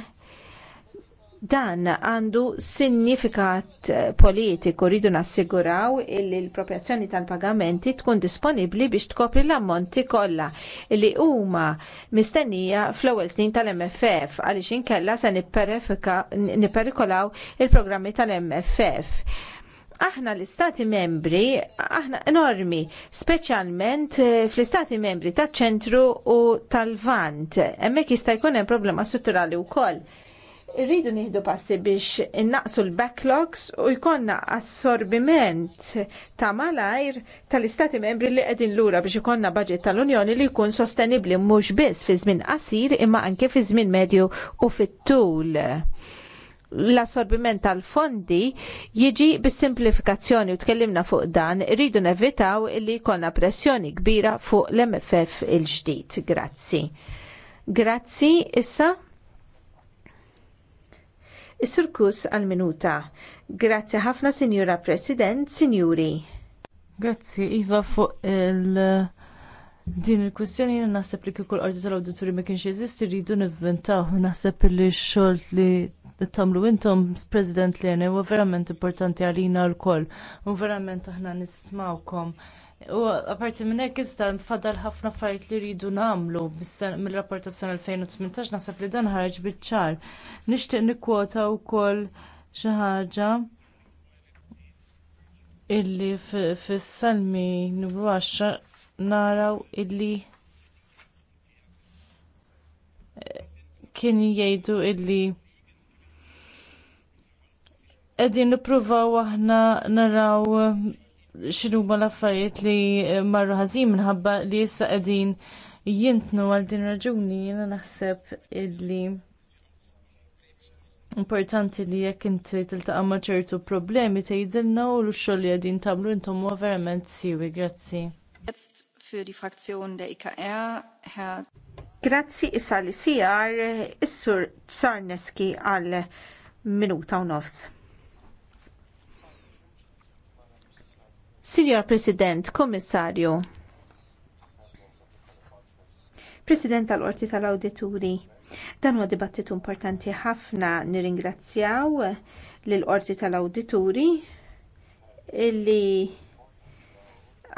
dan għandu sinifikat eh, politiku rridu nassiguraw illi l-propjazzjoni tal-pagamenti tkun disponibbli biex tkopri l-ammonti kollha li huma mistennija fl-ewwel snin tal-MFF għaliex inkella se nipperikolaw il-programmi tal-MFF. Aħna l-Istati membri, aħna enormi, speċjalment eh, fl-Istati membri taċ ċentru u tal-Vant. Hemmhekk jista' jkun hemm problema strutturali wkoll Irridu nieħdu passi biex innaqsu l-backlogs u jkollna assorbiment ta' malajr tal-istati membri li qegħdin lura biex ikollna budget tal-Unjoni li jkun sostenibbli mhux biss fi żmien qasir imma anke fi żmien medju u fit-tul l-assorbiment tal-fondi jiġi bis-simplifikazzjoni u tkellimna fuq dan, rridu nevitaw li jkollna pressjoni kbira fuq l-MFF il-ġdid. Grazzi. Grazzi, issa Is-surkus għal-minuta. Grazzi ħafna, Sinjura President, Sinjuri. Grazzi, Iva, fuq il- Din il-kwestjoni jina naħseb li kikul qorti tal-awdituri ma kienx jeżisti rridu nivventaw naħseb li x-xogħol li tagħmlu intom President Lene huwa verament importanti għalina l-koll u verament aħna nismawkom. U apparti minn hekk iżda nfaddal ħafna affarijiet li rridu nagħmlu mill-rapport tas-sena 2018 naħseb li dan ħareġ biċ-ċar. Nixtieq nikkwota wkoll xi ħaġa illi fis-salmi numru 10 naraw illi kien jgħidu illi qegħdin nippruvaw aħna naraw x'inhuma l-affarijiet li eh, marru ħażin minħabba li issa qegħdin jintnu għal din raġuni jiena naħseb illi importanti li jekk inti tiltaqa' ma' ċertu problemi tgħidilna u x-xogħol li qegħdin tagħmlu intom huwa verament siwi, grazzi. E grazzi issa li sijar is-sur Tsarneski għal minuta u nofs. Signor President, Kommissarju, President tal-Qorti tal-Awdituri, dan huwa dibattitu importanti ħafna nirringrazzjaw lill qorti tal-Awdituri illi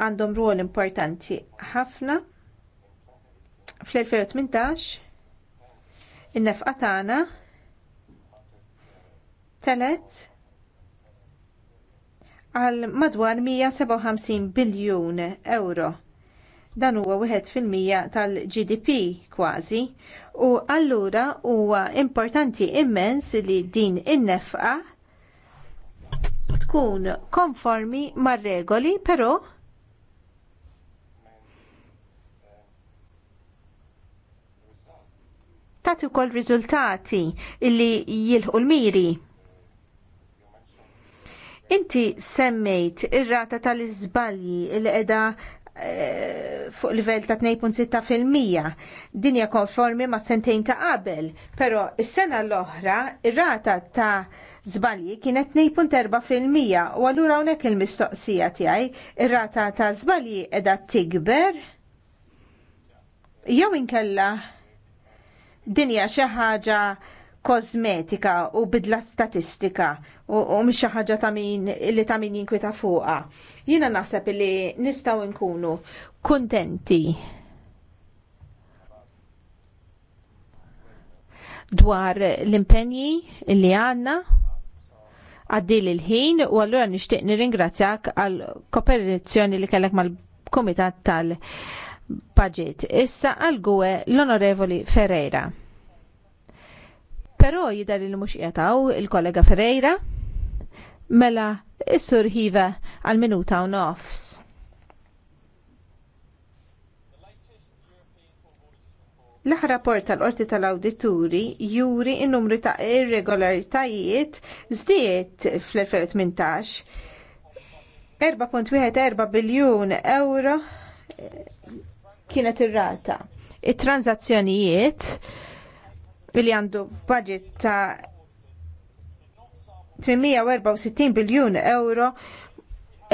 għandhom rol importanti ħafna. Fl-2018 in-nefqa tagħna telet għal madwar 157 biljun euro. Dan huwa wieħed fil-mija tal-GDP kważi u allura huwa importanti immens li din in-nefqa tkun konformi mar-regoli, però tagħti wkoll riżultati li jilħu l-miri. Inti semmejt ir-rata tal-iżbalji il qiegħda eh, fuq livell ta' 2.6% dinja konformi ma' sentejn ta' qabel, pero is-sena l-oħra ir-rata ta' zbalji kienet 2.4% u għallura hawnhekk il-mistoqsija tiegħi ir-rata ta' zbalji qiegħda tikber jew inkella dinja xi ħaġa kosmetika u bidla statistika u, u mhix xi ħaġa ta' min li ta' min jinkwita fuqha. Jiena naħseb li nistgħu nkunu kuntenti dwar l-impenji li għanna għaddil il-ħin u għallura nishtiq nir-ingrazzjak għal kooperazzjoni li kellek mal-Komitat tal-Budget. Issa għal-gwe l-Onorevoli Ferreira. Però jidher li mhux qiegħdaw il-kollega Ferreira mela is-sur Hiva għal minuta u nofs. l rapport tal-qorti tal-awdituri juri n-numru ta' irregolaritajiet zdiet fl-2018 4.14 biljun euro kienet ir-rata. It-tranzazzjonijiet billi għandu budget ta' 864 biljun euro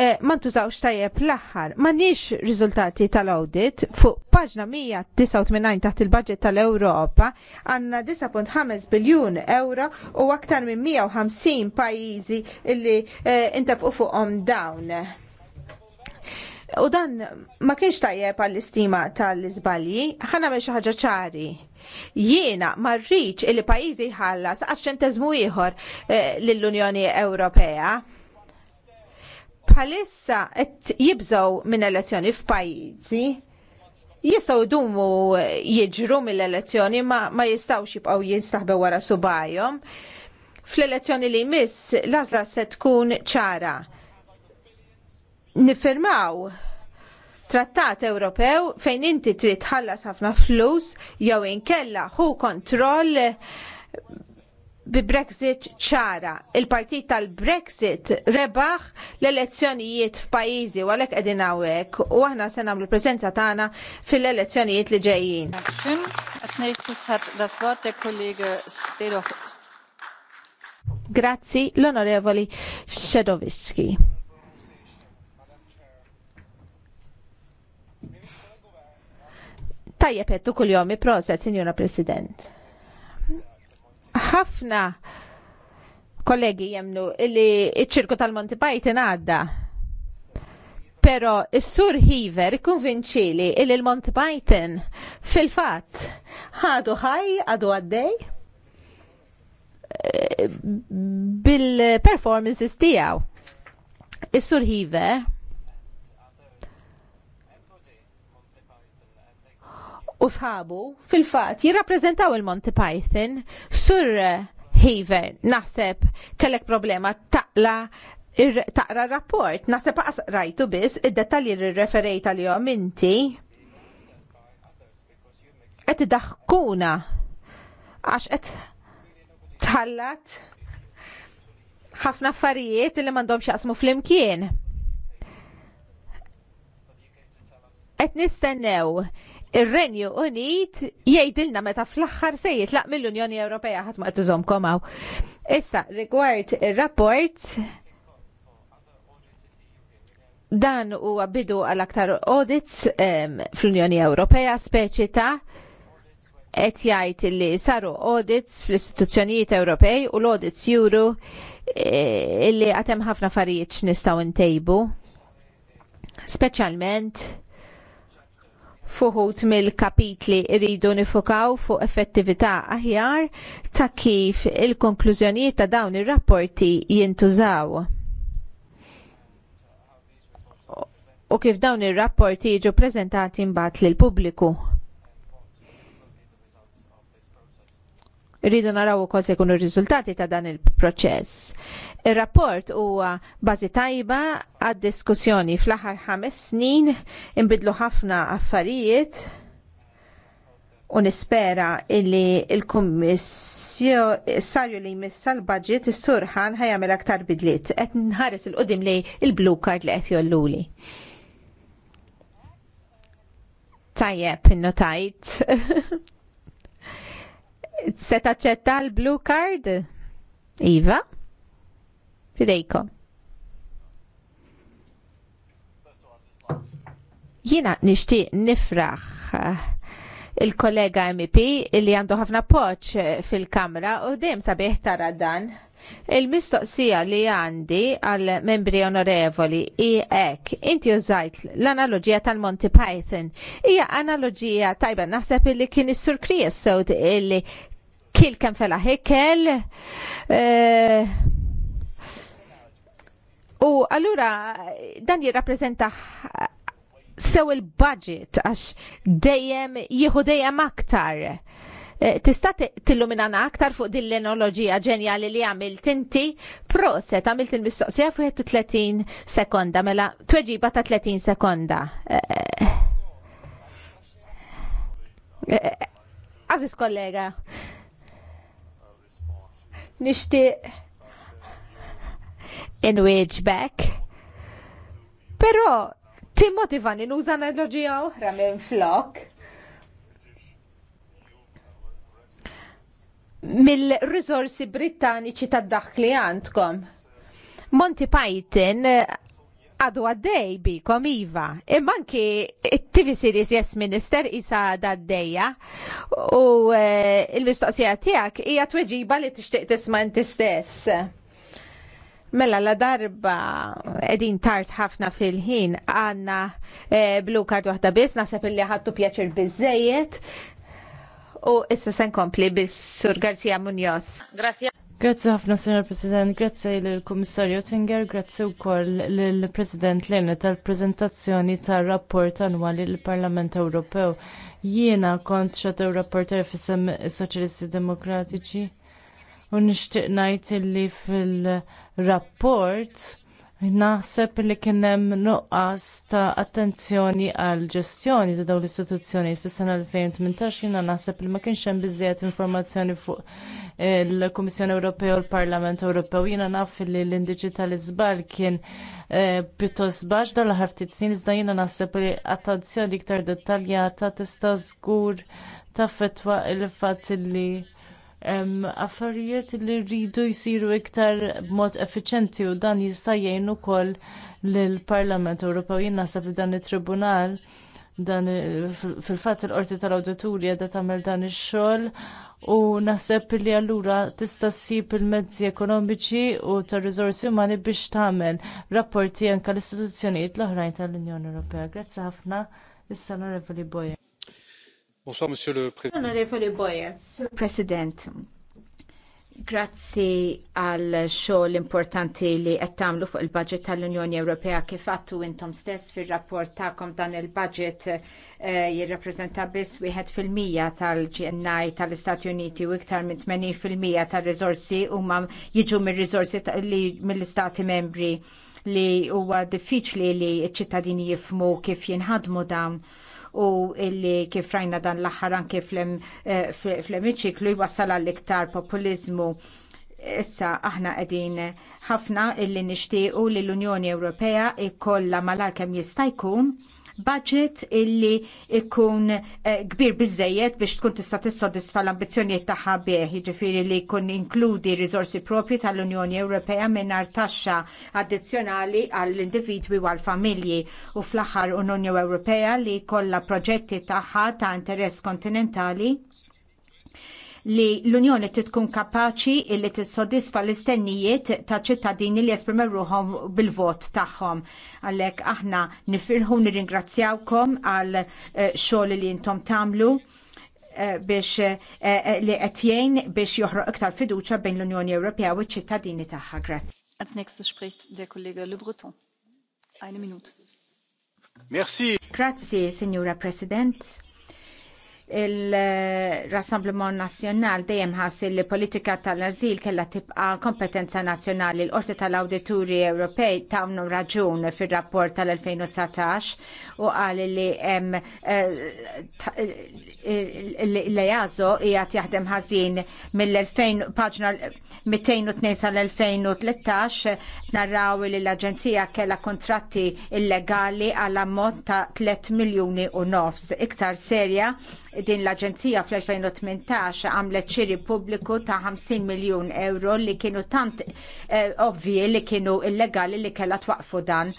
e, ma ntużawx tajjeb l-aħħar. Ma nix riżultati tal-audit fuq paġna 189 taħt il-budget tal-Europa għanna 10.5 biljun euro u aktar minn 150 pajizi illi e, intafqu fuqhom dawn U dan ma kienx tajjeb għall-istima tal-izbalji, ħana me ħaġa ċari. Jiena marriċ il pajjiżi ħallas għax ċentezmu ieħor eh, lill-Unjoni Ewropea. Bħalissa qed jibżgħu minn elezzjoni f'pajjiżi jistgħu jdumu jiġru mill-elezzjoni ma, ma jistgħux jibqgħu jinstaħbew wara subajhom. Fl-elezzjoni li jmiss l-għażla se tkun ċara nifirmaw trattat Ewropew fejn inti trid tħallas ħafna flus jew inkella hu kontroll bi Brexit ċara. Il-partit tal-Brexit rebaħ l-elezzjonijiet f'pajjiżi u għalhekk qegħdin hawnhekk u aħna se nagħmlu preżenza tagħna fil-elezzjonijiet li ġejjin. Grazzi l-Onorevoli Szedowicki. Tajjeb jettu kull-jom i-proset, Signora President. Ħafna kollegi jemnu li iċ-ċirku tal monti Python għadda. Pero is-sur Hiver konvinċili li l monti Python fil-fatt ħadu ħaj għadu għaddej eh, bil-performances tiegħu. Is-sur Hiver u sħabu fil-fatt jirrappreżentaw il-Monty Python sur Haven eh, naħseb kellek problema taqla taqra rapport, naħseb rajtu biss id-dettalji li referejta li jom inti qed daħkuna għax qed tħallat ħafna affarijiet li xaqsmu fl flimkien. Qed nistennew ir-Renju Unit jgħidilna meta fl-aħħar se jitlaq mill-Unjoni Ewropea ħadd ma tużhom komaw. Issa rigward ir-rapport dan huwa bidu għal aktar audits fl-Unjoni Ewropea speċi ta' qed jgħid li saru audits fl-istituzzjonijiet Ewropej u l-audits juru eh, illi għatem ħafna farijiet x'nistgħu ntejbu. Speċjalment fuħut mill-kapitli rridu nifukaw fuq effettività aħjar ta' kif il-konklużjonijiet ta' dawn ir-rapporti jintużaw. U kif dawn ir-rapporti jiġu preżentati mbagħad lill pubbliku Rridu naraw ukoll se jkunu r-riżultati ta' dan il-proċess. Ir-rapport huwa bażi tajba għad-diskussjoni fl-aħħar ħames snin inbidlu ħafna affarijiet u nispera illi il sarju li jmissa l budget is-surħan ħajamel aktar bidliet qed nħares il-qudiem li il-blue card li qed jolluli. Tajjeb, innotajt. se taċċetta l-blue card? Iva? Fidejkom. Jina nishti nifraħ eh, il-kollega MP li għandu ħafna poċ eh, fil-kamra u dim sabieħ tara dan. Il-mistoqsija li għandi għal membri onorevoli i ek, inti użajt l-analogija tal-Monty Python. Hija analogija tajba naħseb illi kien is-sur sewt illi kil kem fela hekel. Eh, u allura dan jirrappreżenta sew il-budget għax dejjem jieħu dejjem aktar. Eh, tista' tilluminana aktar fuq din l-enoloġija ġenjali li għamilt inti proset għamilt il-mistoqsija fuq 30 sekonda mela tweġiba ta' 30 sekonda. Eh, eh, aziz kollega, nishtiq back. Pero timmotivani nuża analoġija oħra minn flok. mill-rizorsi brittaniċi tad daħli għandkom. Monty Python eh, għadu għaddej bikom Iva. Immanki t tv series Yes Minister isa għaddejja u eh, il-mistoqsija tijak hija tweġiba li tixtieq isman t stess. Mela la darba edin tart ħafna fil-ħin għanna eh, blu kartu waħda biss, nasab illi ħattu pjaċir bizzejiet, u issa se nkompli bis-Sur Garcia Munoz. Grazie. Grazzi ħafna, Sr. President, grazzi l-Kummissarju Tinger, grazzi wkoll l-President Lejna tal-prezentazzjoni tar-rapport annwali l-Parlament Ewropew. Jiena kont xatew rapporter fis-sem Soċjalisti Demokratiċi u nixtieq ngħid illi fil-rapport Naħseb li kien hemm nuqqas ta' attenzjoni għal ġestjoni ta' dawn l-istituzzjonijiet fis-sena 2018 jiena naħseb li ma kienx hemm biżżejjed informazzjoni fuq il-Kummissjoni eh, Ewropea u l-Parlament Ewropew. Jiena naf li l-indiċi tal-iżbal kien eh, pjuttost baġ dawn l-aħħar ftit snin iżda jiena naħseb li attenzjoni iktar dettaljata tista' żgur fetwa il-fatt li affarijiet li rridu jsiru iktar b'mod effiċjenti u dan jista' jgħin ukoll lill-Parlament Ewropew. Jien naħseb li dan it-Tribunal dan fil-fatt il-qorti tal awditurja qiegħda tagħmel dan ix-xogħol u naħseb li allura tista' ssib il-mezzi ekonomiċi u tar-riżorsi umani biex tagħmel rapporti anke l-istituzzjonijiet l-oħrajn tal-Unjoni Ewropea. Grazzi ħafna, issa l-Onorevoli Boyer. Bonsoir, Monsieur le Président. Onorevoli Boyer. President, Grazzi għal xogħol importanti li qed tagħmlu fuq il-budget tal-Unjoni Ewropea kif għattu intom stess fir-rapport tagħkom dan il-budget eh, jirrappreżenta biss wieħed fil-mija tal-GNI tal-Istati Uniti u iktar minn 80% fil-mija tar-riżorsi huma jiġu mir-riżorsi mill-Istati Membri li huwa diffiċli li ċ-ċittadini jifhmu kif jinħadmu dawn u illi kif rajna dan l-aħħar anke eh, fl-emiċiklu jwassal għall-iktar populiżmu issa aħna qegħdin ħafna illi nixtiequ li l-Unjoni Ewropea jkollha malar kemm jista' jkun budget illi ikun eh, kbir biżejjed biex tkun tista' tissodisfa l-ambizzjonijiet tagħha bih, jiġifieri li jkun inkludi riżorsi propri tal-Unjoni Ewropea mingħajr taxxa addizzjonali għall-individwi u għall-familji u fl-aħħar Unjoni Ewropea li jkollha proġetti tagħha ta' interess kontinentali li l-Unjoni titkun kapaċi illi tissodisfa l-istennijiet ta' ċittadini li jesprimew ruħom bil-vot tagħhom. Għalhekk aħna nifirħu nirringrazzjawkom għal eh, xol li intom tagħmlu eh, biex eh, li qed biex joħroq iktar fiduċja bejn l-Unjoni Ewropea u ċ-ċittadini tagħha. Grazzi. Als nächstes spricht der Kollege Le Breton. Eine Minute. Merci. Grazie, Signora President il-Rassemblement Nazzjonal dejjem ħassil li politika tal-azil kellha tibqa kompetenza nazzjonali l-Qorti tal-Awdituri Ewropej tawnu raġun fir-rapport tal-2019 u qal li hemm eh, l-EASO hija jaħdem ħażin mill-2000 paġna 202 sal-2013 narraw li l-Aġenzija kellha kontratti illegali għal ammont ta' 3 miljuni u nofs iktar serja Din l-Aġenzija fl-2018 għamlet ċiri pubbliku ta' 50 miljun euro li kienu tant eh, ovvji li kienu illegali li kellha twaqfu dan.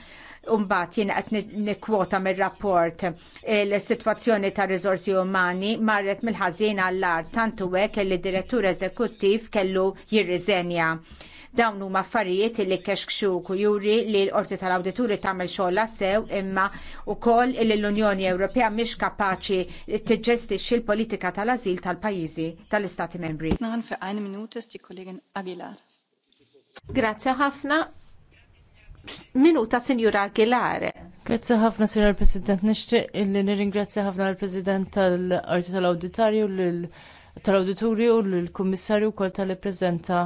Umbat jiena qed nikkwota mir-rapport eh, l-sitwazzjoni ta' riżorsi umani marret mill-ħażin għall-art tantu hekk li direttur eżekuttiv kellu jirriżenja Dawn huma affarijiet li kexkxuk xuku juri li l-Qorti tal-Awdituri tagħmel xogħla sew imma wkoll li l-Unjoni Ewropea mhix kapaċi tiġġestixxi l-politika tal-ażil tal-pajjiżi tal-Istati Membri. Grazzi ħafna. Minuta Sinjura Aguilar. Grazzi ħafna Signor President, nixtieq illi nirringrazzja ħafna l-President tal-Qorti tal-Awditarju l tal-Awditurju u l-Kummissarju kol tal-Ippreżenta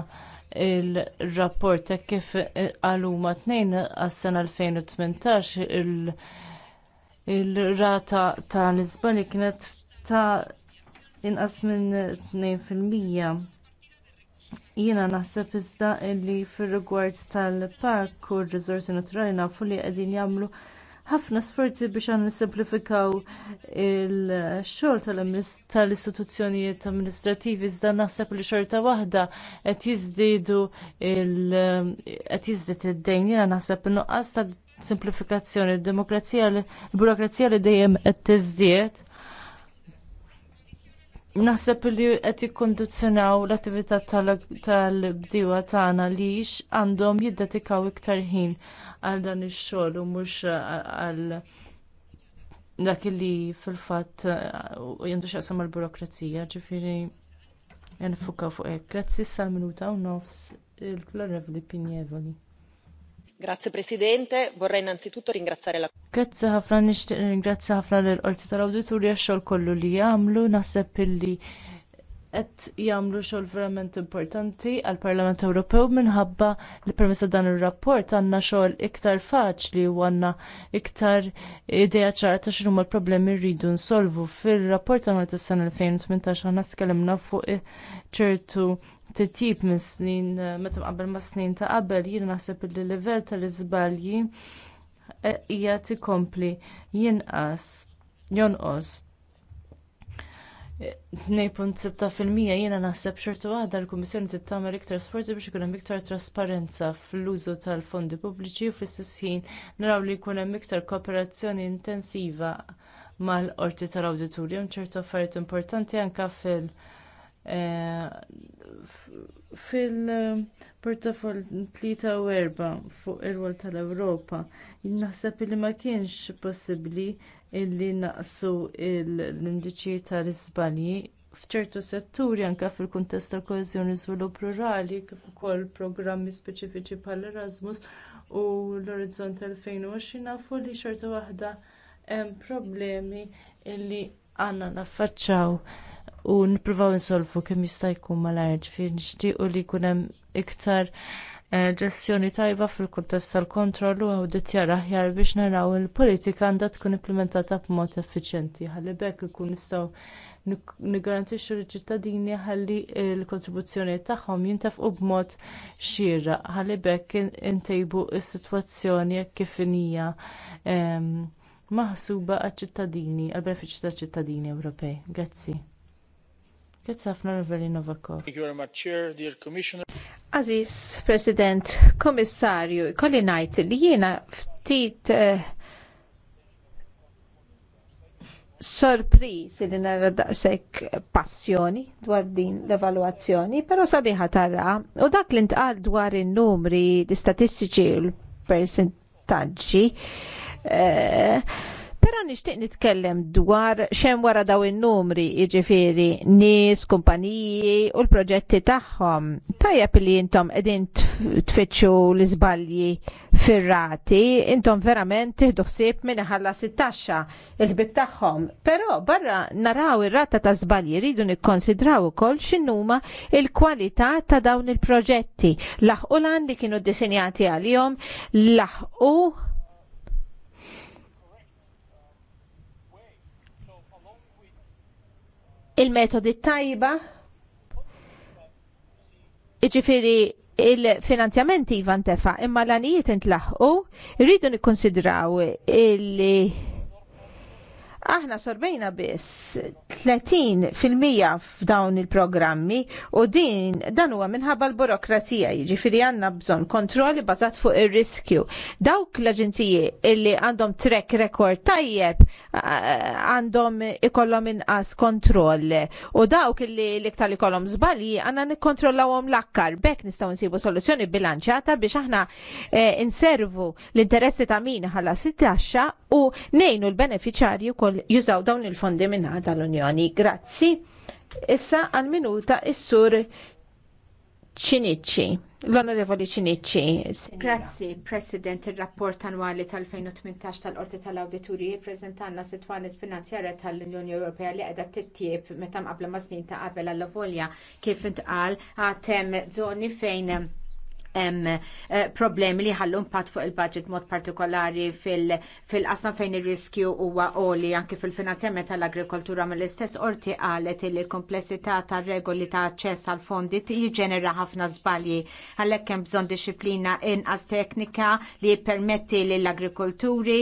il-rapport ta' kif eh, għaluma tnejn għas-sena 2018 il-rata ta' l kienet ta' inqas minn 2%. Jiena naħseb iżda li fir-rigward tal-park u r-riżorsi naturali nafu li qegħdin jagħmlu ħafna sforzi biex għan nisimplifikaw il-xogħol tal-istituzzjonijiet amministrativi iżda naħseb li xorta waħda qed jiżdiedu qed jiżdied id-dejn jiena naħseb in-nuqqas ta' simplifikazzjoni d-demokrazija l-burokrazija li dejjem qed tiżdied naħseb li qed jikkondizzjonaw l-attività tal-bdiewa tagħna li għandhom jiddedikaw iktar ħin għal dan ix-xogħol u mhux għal dak li fil-fatt uh, jendu xaqsam mal burokrazija ġifieri jenfukaw fuq hekk. Grazzi sal minuta u nofs il-Klorevli Pinjevoli. Grazie Presidente, vorrei innanzitutto ringraziare la Grazzi ħafna nixtieq ringrazzi ħafna lill qorti tal-Awditurja x-xogħol kollu li jagħmlu naħseb illi qed jagħmlu xogħol verament importanti għall-Parlament Ewropew minħabba li permessa dan ir-rapport għandna xogħol iktar faċli u għandna iktar ideja ċara ta' x'inhuma l-problemi rridu nsolvu. Fir-rapport għanna t sena 2018 aħna tkellimna fuq ċertu titjib minn snin eh, meta qabel ma' snin ta' qabel jien naħseb li l-livell tal-iżbalji qiegħed eh, ikompli jinqas jonqos. 2.7% jiena naħseb xorta waħda l-Kummissjoni tagħmel iktar sforzi biex ikun hemm iktar trasparenza fl-użu tal-fondi pubbliċi u fl-istess ħin naraw li jkun hemm iktar kooperazzjoni intensiva mal-qorti tal-awditurju hemm ċertu affarijiet importanti anke fil- Eh, fil-portafol 3 u 4 fuq ir wol tal-Ewropa, naħseb li ma kienx possibbli li naqsu l-indiċi tal-iżbalji f'ċertu setturi anke fil-kuntest tal-koeżjoni żvilupp rurali kif ukoll programmi speċifiċi bħall Erasmus u l-Orizzont 2020 nafu li xorta waħda hemm problemi li għandna naffaċċaw u nippruvaw insolvu kemm jista' jkun malajr ġifieri nixtiequ li jkun hemm iktar eh, ġestjoni tajba fil-kuntest tal-kontroll u awditjar aħjar biex naraw il-politika għandha tkun implementata b'mod effiċjenti ħalli bekk ikun nistgħu nigarantixxu liċ-ċittadini ħalli l kontribuzzjoni tagħhom jintefqu b'mod xieraq ħalli bekk intejbu s-sitwazzjoni kif hija ehm, maħsuba għal ċittadini għall benefiċċju taċ-ċittadini Ewropej. Grazzi. Grazzi Rivelli Novakov. Thank you very much, Chair, dear Commissioner. Aziz President, Komissarju, kolli najt li jiena ftit eh, sorpriz li nara daqsek passjoni dwar din l-evalwazzjoni, però sabiħa tara u dak li ntqal dwar in-numri, l-istatistiċi u l-persentaġġi. Uh, Però nixtieq nitkellem dwar xem wara daw in-numri, jiġifieri nies, kumpaniji u l-proġetti tagħhom. Tajja li intom qegħdin tfittxu l-iżbalji fir-rati, intom verament tieħdu ħsieb minn ħalla 16 il bib tagħhom. Però barra naraw ir-rata ta' żbalji rridu nikkonsidraw ukoll x'inhuma il-kwalità ta' dawn il-proġetti. Laħqulan li kienu ddisinjati għalihom, laħqu il-metodi tajba iġifiri il finanzjamenti iva tefa' imma l-anijiet intlaħqu rridu nikkonsidraw il- Aħna sorbejna biss 30% f'dawn il-programmi u din dan huwa minħabba l-burokrazija jiġifieri għandna bżonn kontrolli bażat fuq ir-riskju. Dawk l-aġenziji illi għandhom track record tajjeb għandhom ikollhom inqas kontroll u dawk illi l-iktar ikollhom żbalji għandna nikkontrollawhom l-akkar bekk nistgħu nsibu soluzzjoni bilanċjata biex aħna e, inservu l-interessi ta' min ħalla sit u nejnu l-beneficjarju kollha jużaw dawn il-fondi minna tal-Unjoni. Grazzi. Issa għal-minuta is-sur Ċiniċċi. L-Onorevoli Ċiniċċi. Grazzi, President, il-rapport annwali tal-2018 tal-Qorti tal-Awdituri prezentanna sitwanet finanzjarja tal-Unjoni Ewropea li qiegħda tittieb meta mqabla ma' snin ta' qabel għall-volja kif intqal għatem żoni fejn hemm eh, problemi li ħallu impatt fuq il-budget mod partikolari fil-qasam fil fejn ir-riskju huwa għoli anke fil-finanzjament tal-agrikoltura mill-istess qorti qalet li l-komplessità tar-regoli ta' aċċess għal fondi jiġġenera ħafna żbalji għalhekk hemm bżonn disciplina inqas teknika li jippermetti lill agrikolturi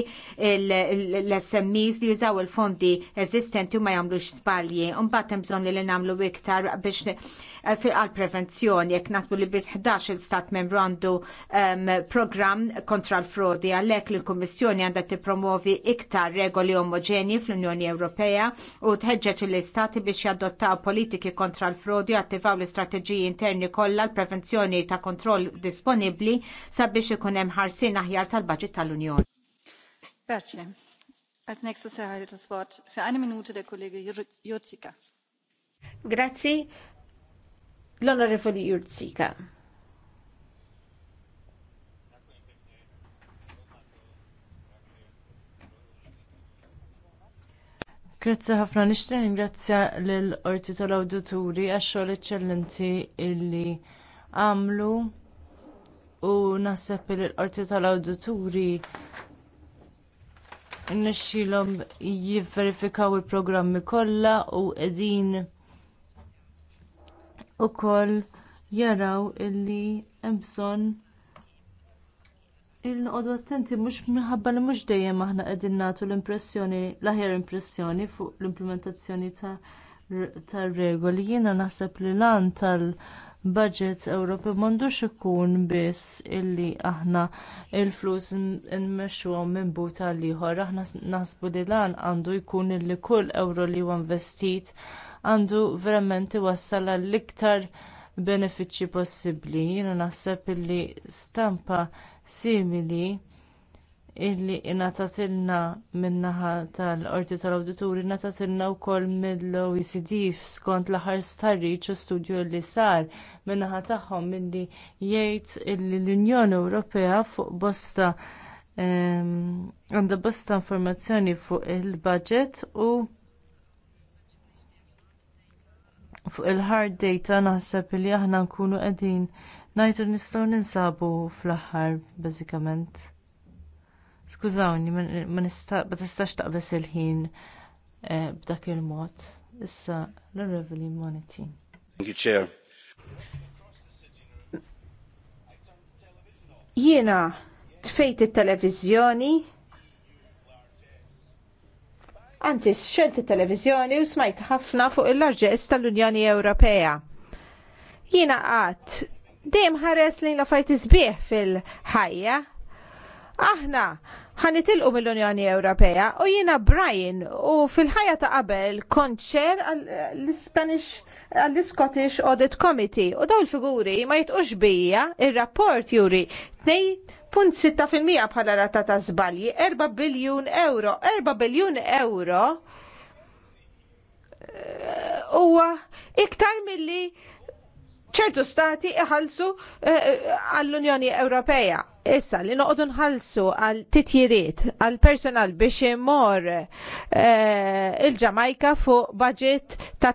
l-SMEs li jużaw il-fondi eżistenti u ma jagħmlux żbalji. Imbagħad hemm bżonn li nagħmlu iktar biex eh, għal prevenzjoni jekk nasbu li biss 11 il-stat membri membru um, program kontra l-frodi għalhekk li l-Kummissjoni għandha tippromovi iktar regoli omogenji fl-Unjoni Ewropea u tħeġġeġ l-istati biex jadottaw politiki kontra l-frodi u attivaw l-istrateġiji interni kollha l-prevenzjoni ta' kontroll disponibbli sabiex ikun hemm ħarsin aħjar tal-baġit tal-Unjoni. Grazie. Als nächstes erhaltet das Wort für eine Minute der Kollege Jurzika. Grazie, l'onorevole Jurzika. Grazzi ħafna nixtri ringrazzja lill-Qorti tal-Awdituri għax-xogħol eċċellenti illi għamlu u naħseb li l-Qorti tal-Awdituri nixxilhom jivverifikaw il-programmi kollha u qegħdin ukoll jaraw illi hemm bżonn il-noqodu attenti mhux minħabba li mhux dejjem aħna qegħdin nagħtu l-impressjoni l-aħjar impressjoni fuq l-implementazzjoni tar-regoli jiena naħseb li lan tal-budget Ewropew m'għandux ikun biss illi aħna l-flus nmexxuhom minn but għal ieħor aħna naħsbu li lan għandu jkun illi kull ewro li huwa investit għandu verament iwassal għall-iktar benefiċċji possibbli. Jiena naħseb illi stampa simili illi ngħatilna min-naħa tal-qorti tal-awdituri ngħatatilna wkoll mill-oecd skont l-aħħar stħarriġ u studju li sar min-naħa tagħhom milli jgħid illi l-unjoni ewropea fuq bosta għandha bosta informazzjoni fuq il-baġit u fuq il-hard data naħseb li aħna nkunu qegħdin Najtu nistgħu ninsabu fl-aħħar bażikament. Skużawni, ma tistax taqbes il-ħin eh, b'dak il-mod. Issa l-Reveli Moniti. Thank you, Chair. Jiena tfejt it televizjoni anzi xelt it-televiżjoni u smajt ħafna fuq il-larġes tal-Unjoni Ewropea. Jiena għat dejjem ħares lejn l-affarijiet isbieħ fil-ħajja. Aħna ħanitilqu mill-Unjoni Ewropea u jiena Brian u fil-ħajja ta' qabel kont ċer għall-Spanish għall-Scottish Audit Committee u daw il-figuri ma jitqux bija ir-rapport juri 2.6% bħala rata ta' żbalji, 4 biljun euro, 4 biljun euro eh, u iktar milli ċertu stati iħallsu eh, eh, għall-Unjoni Ewropea. Issa li noqogħdu nħallsu għal titjiriet għal personal biex imor eh, il-Ġamajka fuq budget ta'